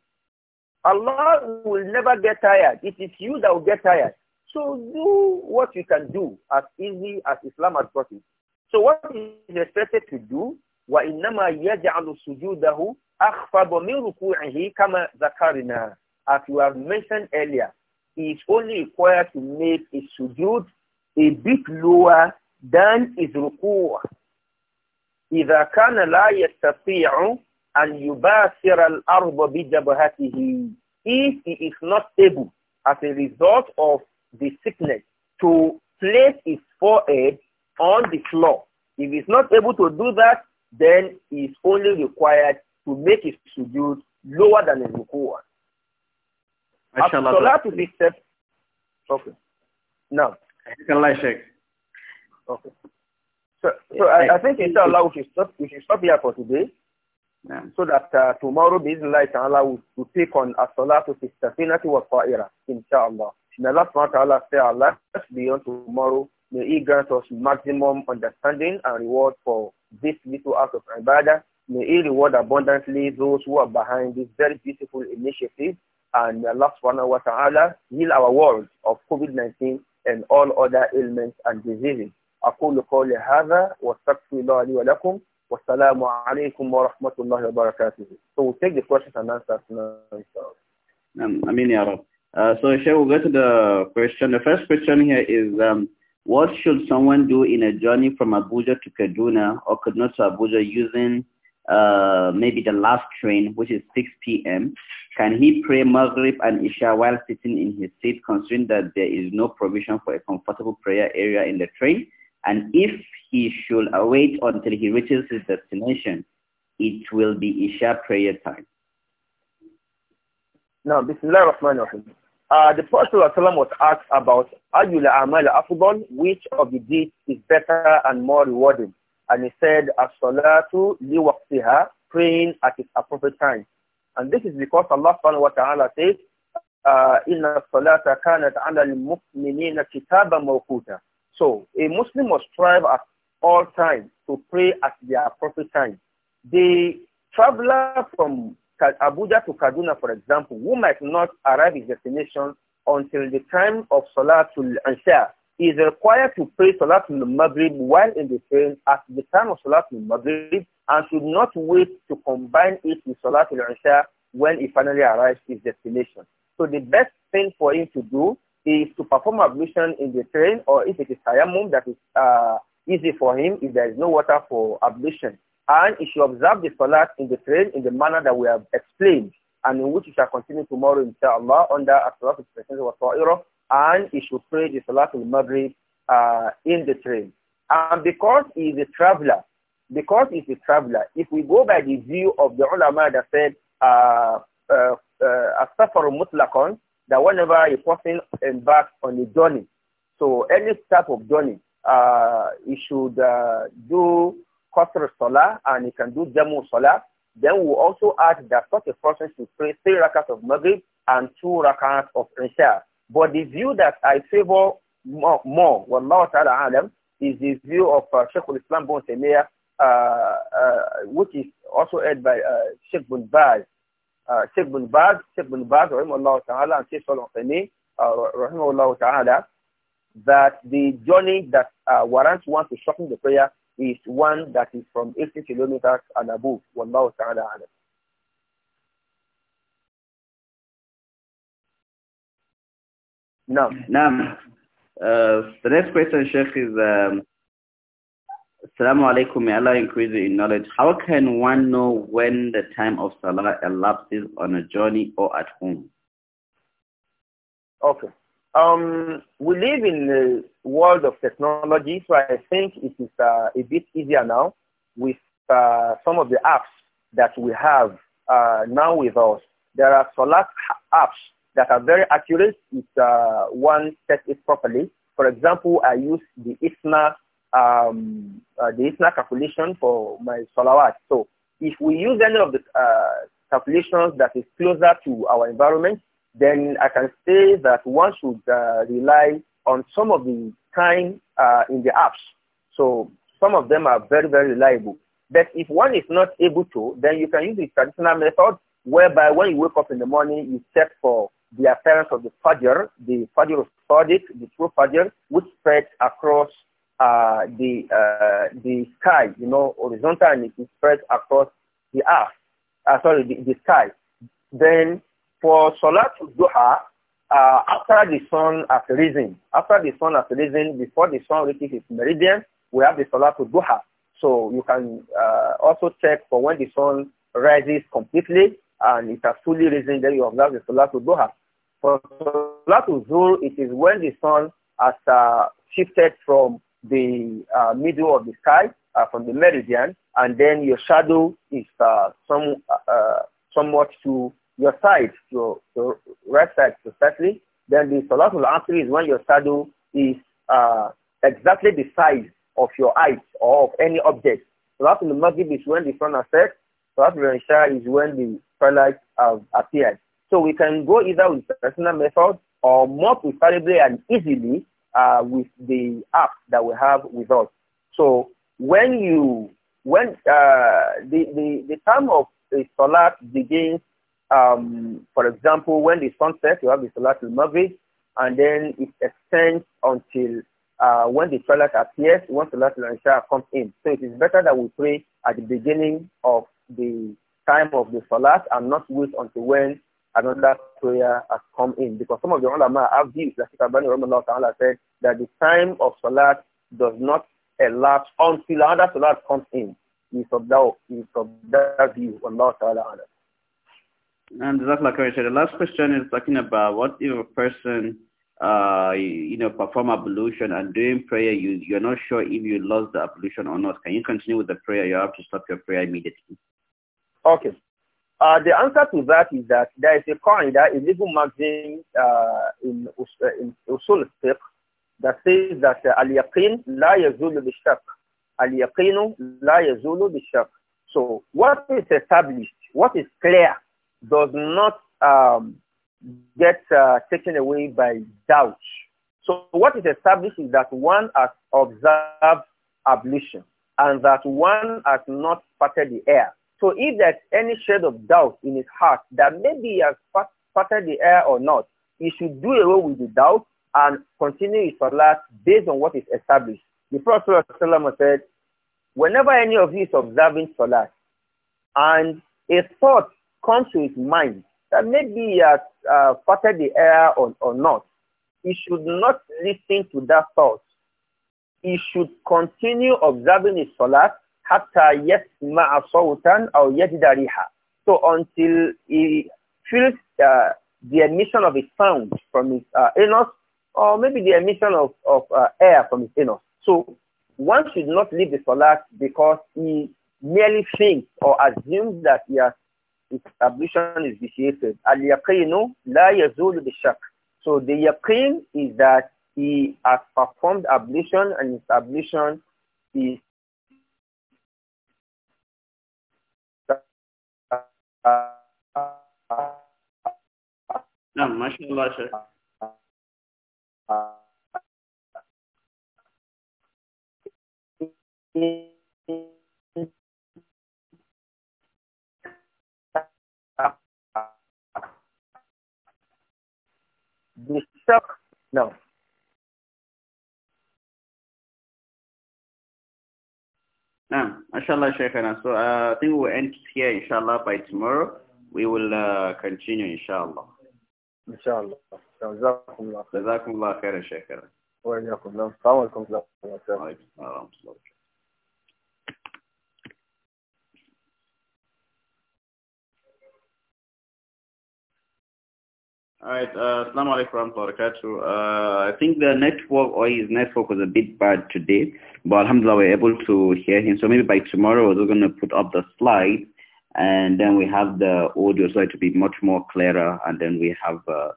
Allah will never get tired. It is you that will get tired. So do what you can do as easy as Islam has brought it. So what is expected to do? وَإِنَّمَا يَجْعَلُ سُجُودَهُ أَخْفَضَ مِنْ رُكُوعِهِ كَمَا ذَكَرْنَا As we have mentioned earlier, is only required to make his sujud a bit lower than his ruku'. إذا كان لا يستطيع أن يباشر الأرض بجبهته if he is not able as a result of the sickness to place his forehead on the floor. If he's not able to do that, then he's only required to make his sujood lower than his ruku'ah. Salah to be step. Okay. Now. Okay. So, so I, I, I think inshallah we should stop, we should stop here for today. Yeah. So that uh, tomorrow, bismillah ta'ala, we will take on as to fi safinati wa ta'ira, inshallah. May Allah subhanahu wa ta'ala say Allah beyond tomorrow. May He grant us maximum understanding and reward for this little act of ibadah. May He reward abundantly those who are behind this very beautiful initiative. And may Allah subhanahu wa ta'ala heal our world of COVID-19 and all other ailments and diseases. أقول قولي هذا واستغفر الله لي ولكم والسلام عليكم ورحمة الله وبركاته. So we'll take the questions and answers now. Um, I mean, ya Uh, so Sheikh, we'll go to the question. The first question here is, um, what should someone do in a journey from Abuja to Kaduna or Kaduna to Abuja using uh, maybe the last train, which is 6 p.m.? Can he pray Maghrib and Isha while sitting in his seat, considering that there is no provision for a comfortable prayer area in the train? And if he should await until he reaches his destination, it will be Isha prayer time. Now, Bismillah ar-Rahman ar-Rahim. Uh, the Prophet was asked about Ayul Amal Afdal, which of the deeds is better and more rewarding? And he said, As-salatu liwaqtiha, praying at its appropriate time. And this is because Allah subhanahu wa ta'ala says, uh, Inna salata kanat ala al-mu'minina So, a Muslim must strive at all times to pray at the appropriate time. The traveler from Abuja to Kaduna, for example, who might not arrive his destination until the time of Salatul Ansar, is required to pray Salatul Maghrib while in the train at the time of Salatul Maghrib and should not wait to combine it with Salatul Ansar when he finally arrives his destination. So the best thing for him to do is to perform ablution in the train or if it is tayammum that is uh, easy for him if there is no water for ablution. And you should observe the salat in the train in the manner that we have explained and in which you shall continue tomorrow inshallah under Asrat al-Presence for Europe, and you should pray the salat al-Maghrib uh, in the train. And because he is a traveler, because he's a traveler, if we go by the view of the ulama that said uh, uh, uh mutlaqan, that whenever a person embarks on a journey, so any type of journey, uh, he should uh, do Qasr Salah and he can do demo Salah, then we also add that such a person should pray three rakats of Maghrib and two rakats of Isha. But the view that I favor more, more Wallahu Ta'ala Alam, is the view of uh, sheik al-Islam bin Taymiyyah, uh, uh, which is also held by uh, Sheikh bin Baz. Uh, Sheikh bin Baz, Sheikh bin Baz, Rahimahullah Ta'ala, and Sheikh Salah Taymiyyah, uh, Rahimahullah Ta'ala, that the journey that uh, warrants one to shorten the prayer is one that is from 80 kilometers and above. Wallahu ta'ala alam. No. No. Uh, the next question, Sheikh, is um, Assalamu alaikum, may Allah increase in knowledge. How can one know when the time of Salah elapses on a journey or at home? Okay. Um, we live in the world of technology, so I think it is uh, a bit easier now with uh, some of the apps that we have uh, now with us. There are solar apps that are very accurate if uh, one sets it properly. For example, I use the ISNA, um, uh, the ISNA calculation for my solar. So if we use any of the uh, calculations that is closer to our environment, then I can say that one should uh, rely on some of the time uh, in the apps. So some of them are very, very reliable. But if one is not able to, then you can use the traditional method whereby when you wake up in the morning, you check for the appearance of the Fajr, the Fajr of Sadiq, the true Fajr, which spreads across uh, the uh, the sky, you know, horizontal and it is across the earth, uh, sorry, the, the sky. Then for Salatul Duha, uh, after the sun has risen, after the sun has risen, before the sun reaches its meridian, we have the to Duha. So you can uh, also check for when the sun rises completely and it has fully risen, then you observe the to Duha. For to zul, it is when the sun has uh, shifted from the uh, middle of the sky, uh, from the meridian, and then your shadow is uh, some, uh, uh, somewhat to your side, your, your right side precisely, then the Salatul Asr is when your shadow is uh, exactly the size of your eyes or of any object. Salatul Maghrib is when the sun has set. Salatul Isha is when the twilight have appeared. So we can go either with personal method or more preferably and easily uh, with the app that we have with us. So when you when uh, the, the the time of the salat begins um, for example, when the sun sets, you have the Salatul Maghrib, and then it extends until uh, when the twilight appears, once the last Isha comes in. So it is better that we pray at the beginning of the time of the Salat and not wait until when another prayer has come in. Because some of the ulama have views, like Abani Ramallah said, that the time of Salat does not elapse until another Salat comes in. It's of that, it's of that view, Allah Ta'ala. Jazakallah khairan, The last question is talking about what if a person, uh, you know, perform ablution and during prayer, you, you're not sure if you lost the ablution or not. Can you continue with the prayer? You have to stop your prayer immediately. Okay. Uh, the answer to that is that there is a qaida, a legal magazine uh, in, uh, usul that says that al la yazulu bi-shak. la yazulu bi So what is established, what is clear does not um, get uh, taken away by doubt. So what is established is that one has observed ablution and that one has not parted the air. So if there's any shade of doubt in his heart that maybe he has parted the air or not, he should do away with the doubt and continue his salat based on what is established. The Prophet said, whenever any of you is observing salat and a thought comes to his mind that maybe he has uh, the error or, or not, he should not listen to that thought. He should continue observing his salat after yet maasawutan or yajida riha. So until he feels uh, the emission of a sound from his uh, anus or maybe the emission of, of uh, air from his anus. So one should not leave the salat because he merely thinks or assumes that he has its ablution is vitiated. Al-yaqinu la yazulu bishak. So the yaqeen is that he has performed ablution and his ablution is نعم ما شاء الله The no. Naam, inshallah, Shaykhana. So uh, I think we'll end here, inshallah, by tomorrow. We will uh, continue, inshallah. Inshallah. Jazakumullah. Jazakumullah khairan, Shaykhana. Wa alaikum. Assalamu alaikum. All right. Uh, Assalamu alaikum uh, I think the network or his network was a bit bad today, but alhamdulillah we're able to hear him. So maybe by tomorrow we're going to put up the slides and then we have the audio so it will be much more clearer and then we have uh,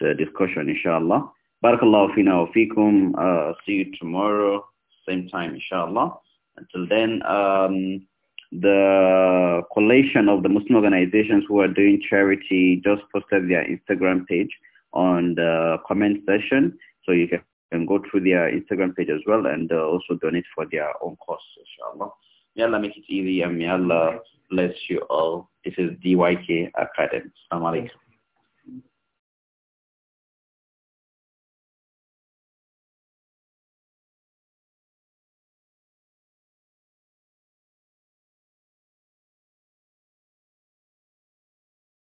the discussion inshallah. Barakallahu fi wa fikum. Uh, see you tomorrow, same time inshallah. Until then, um, the collation of the Muslim organizations who are doing charity just posted their Instagram page on the comment section. So you can go through their Instagram page as well and uh, also donate for their own cause, inshallah. May Allah make it easy and may Allah bless you all. This is DYK Academy. Assalamu alaikum.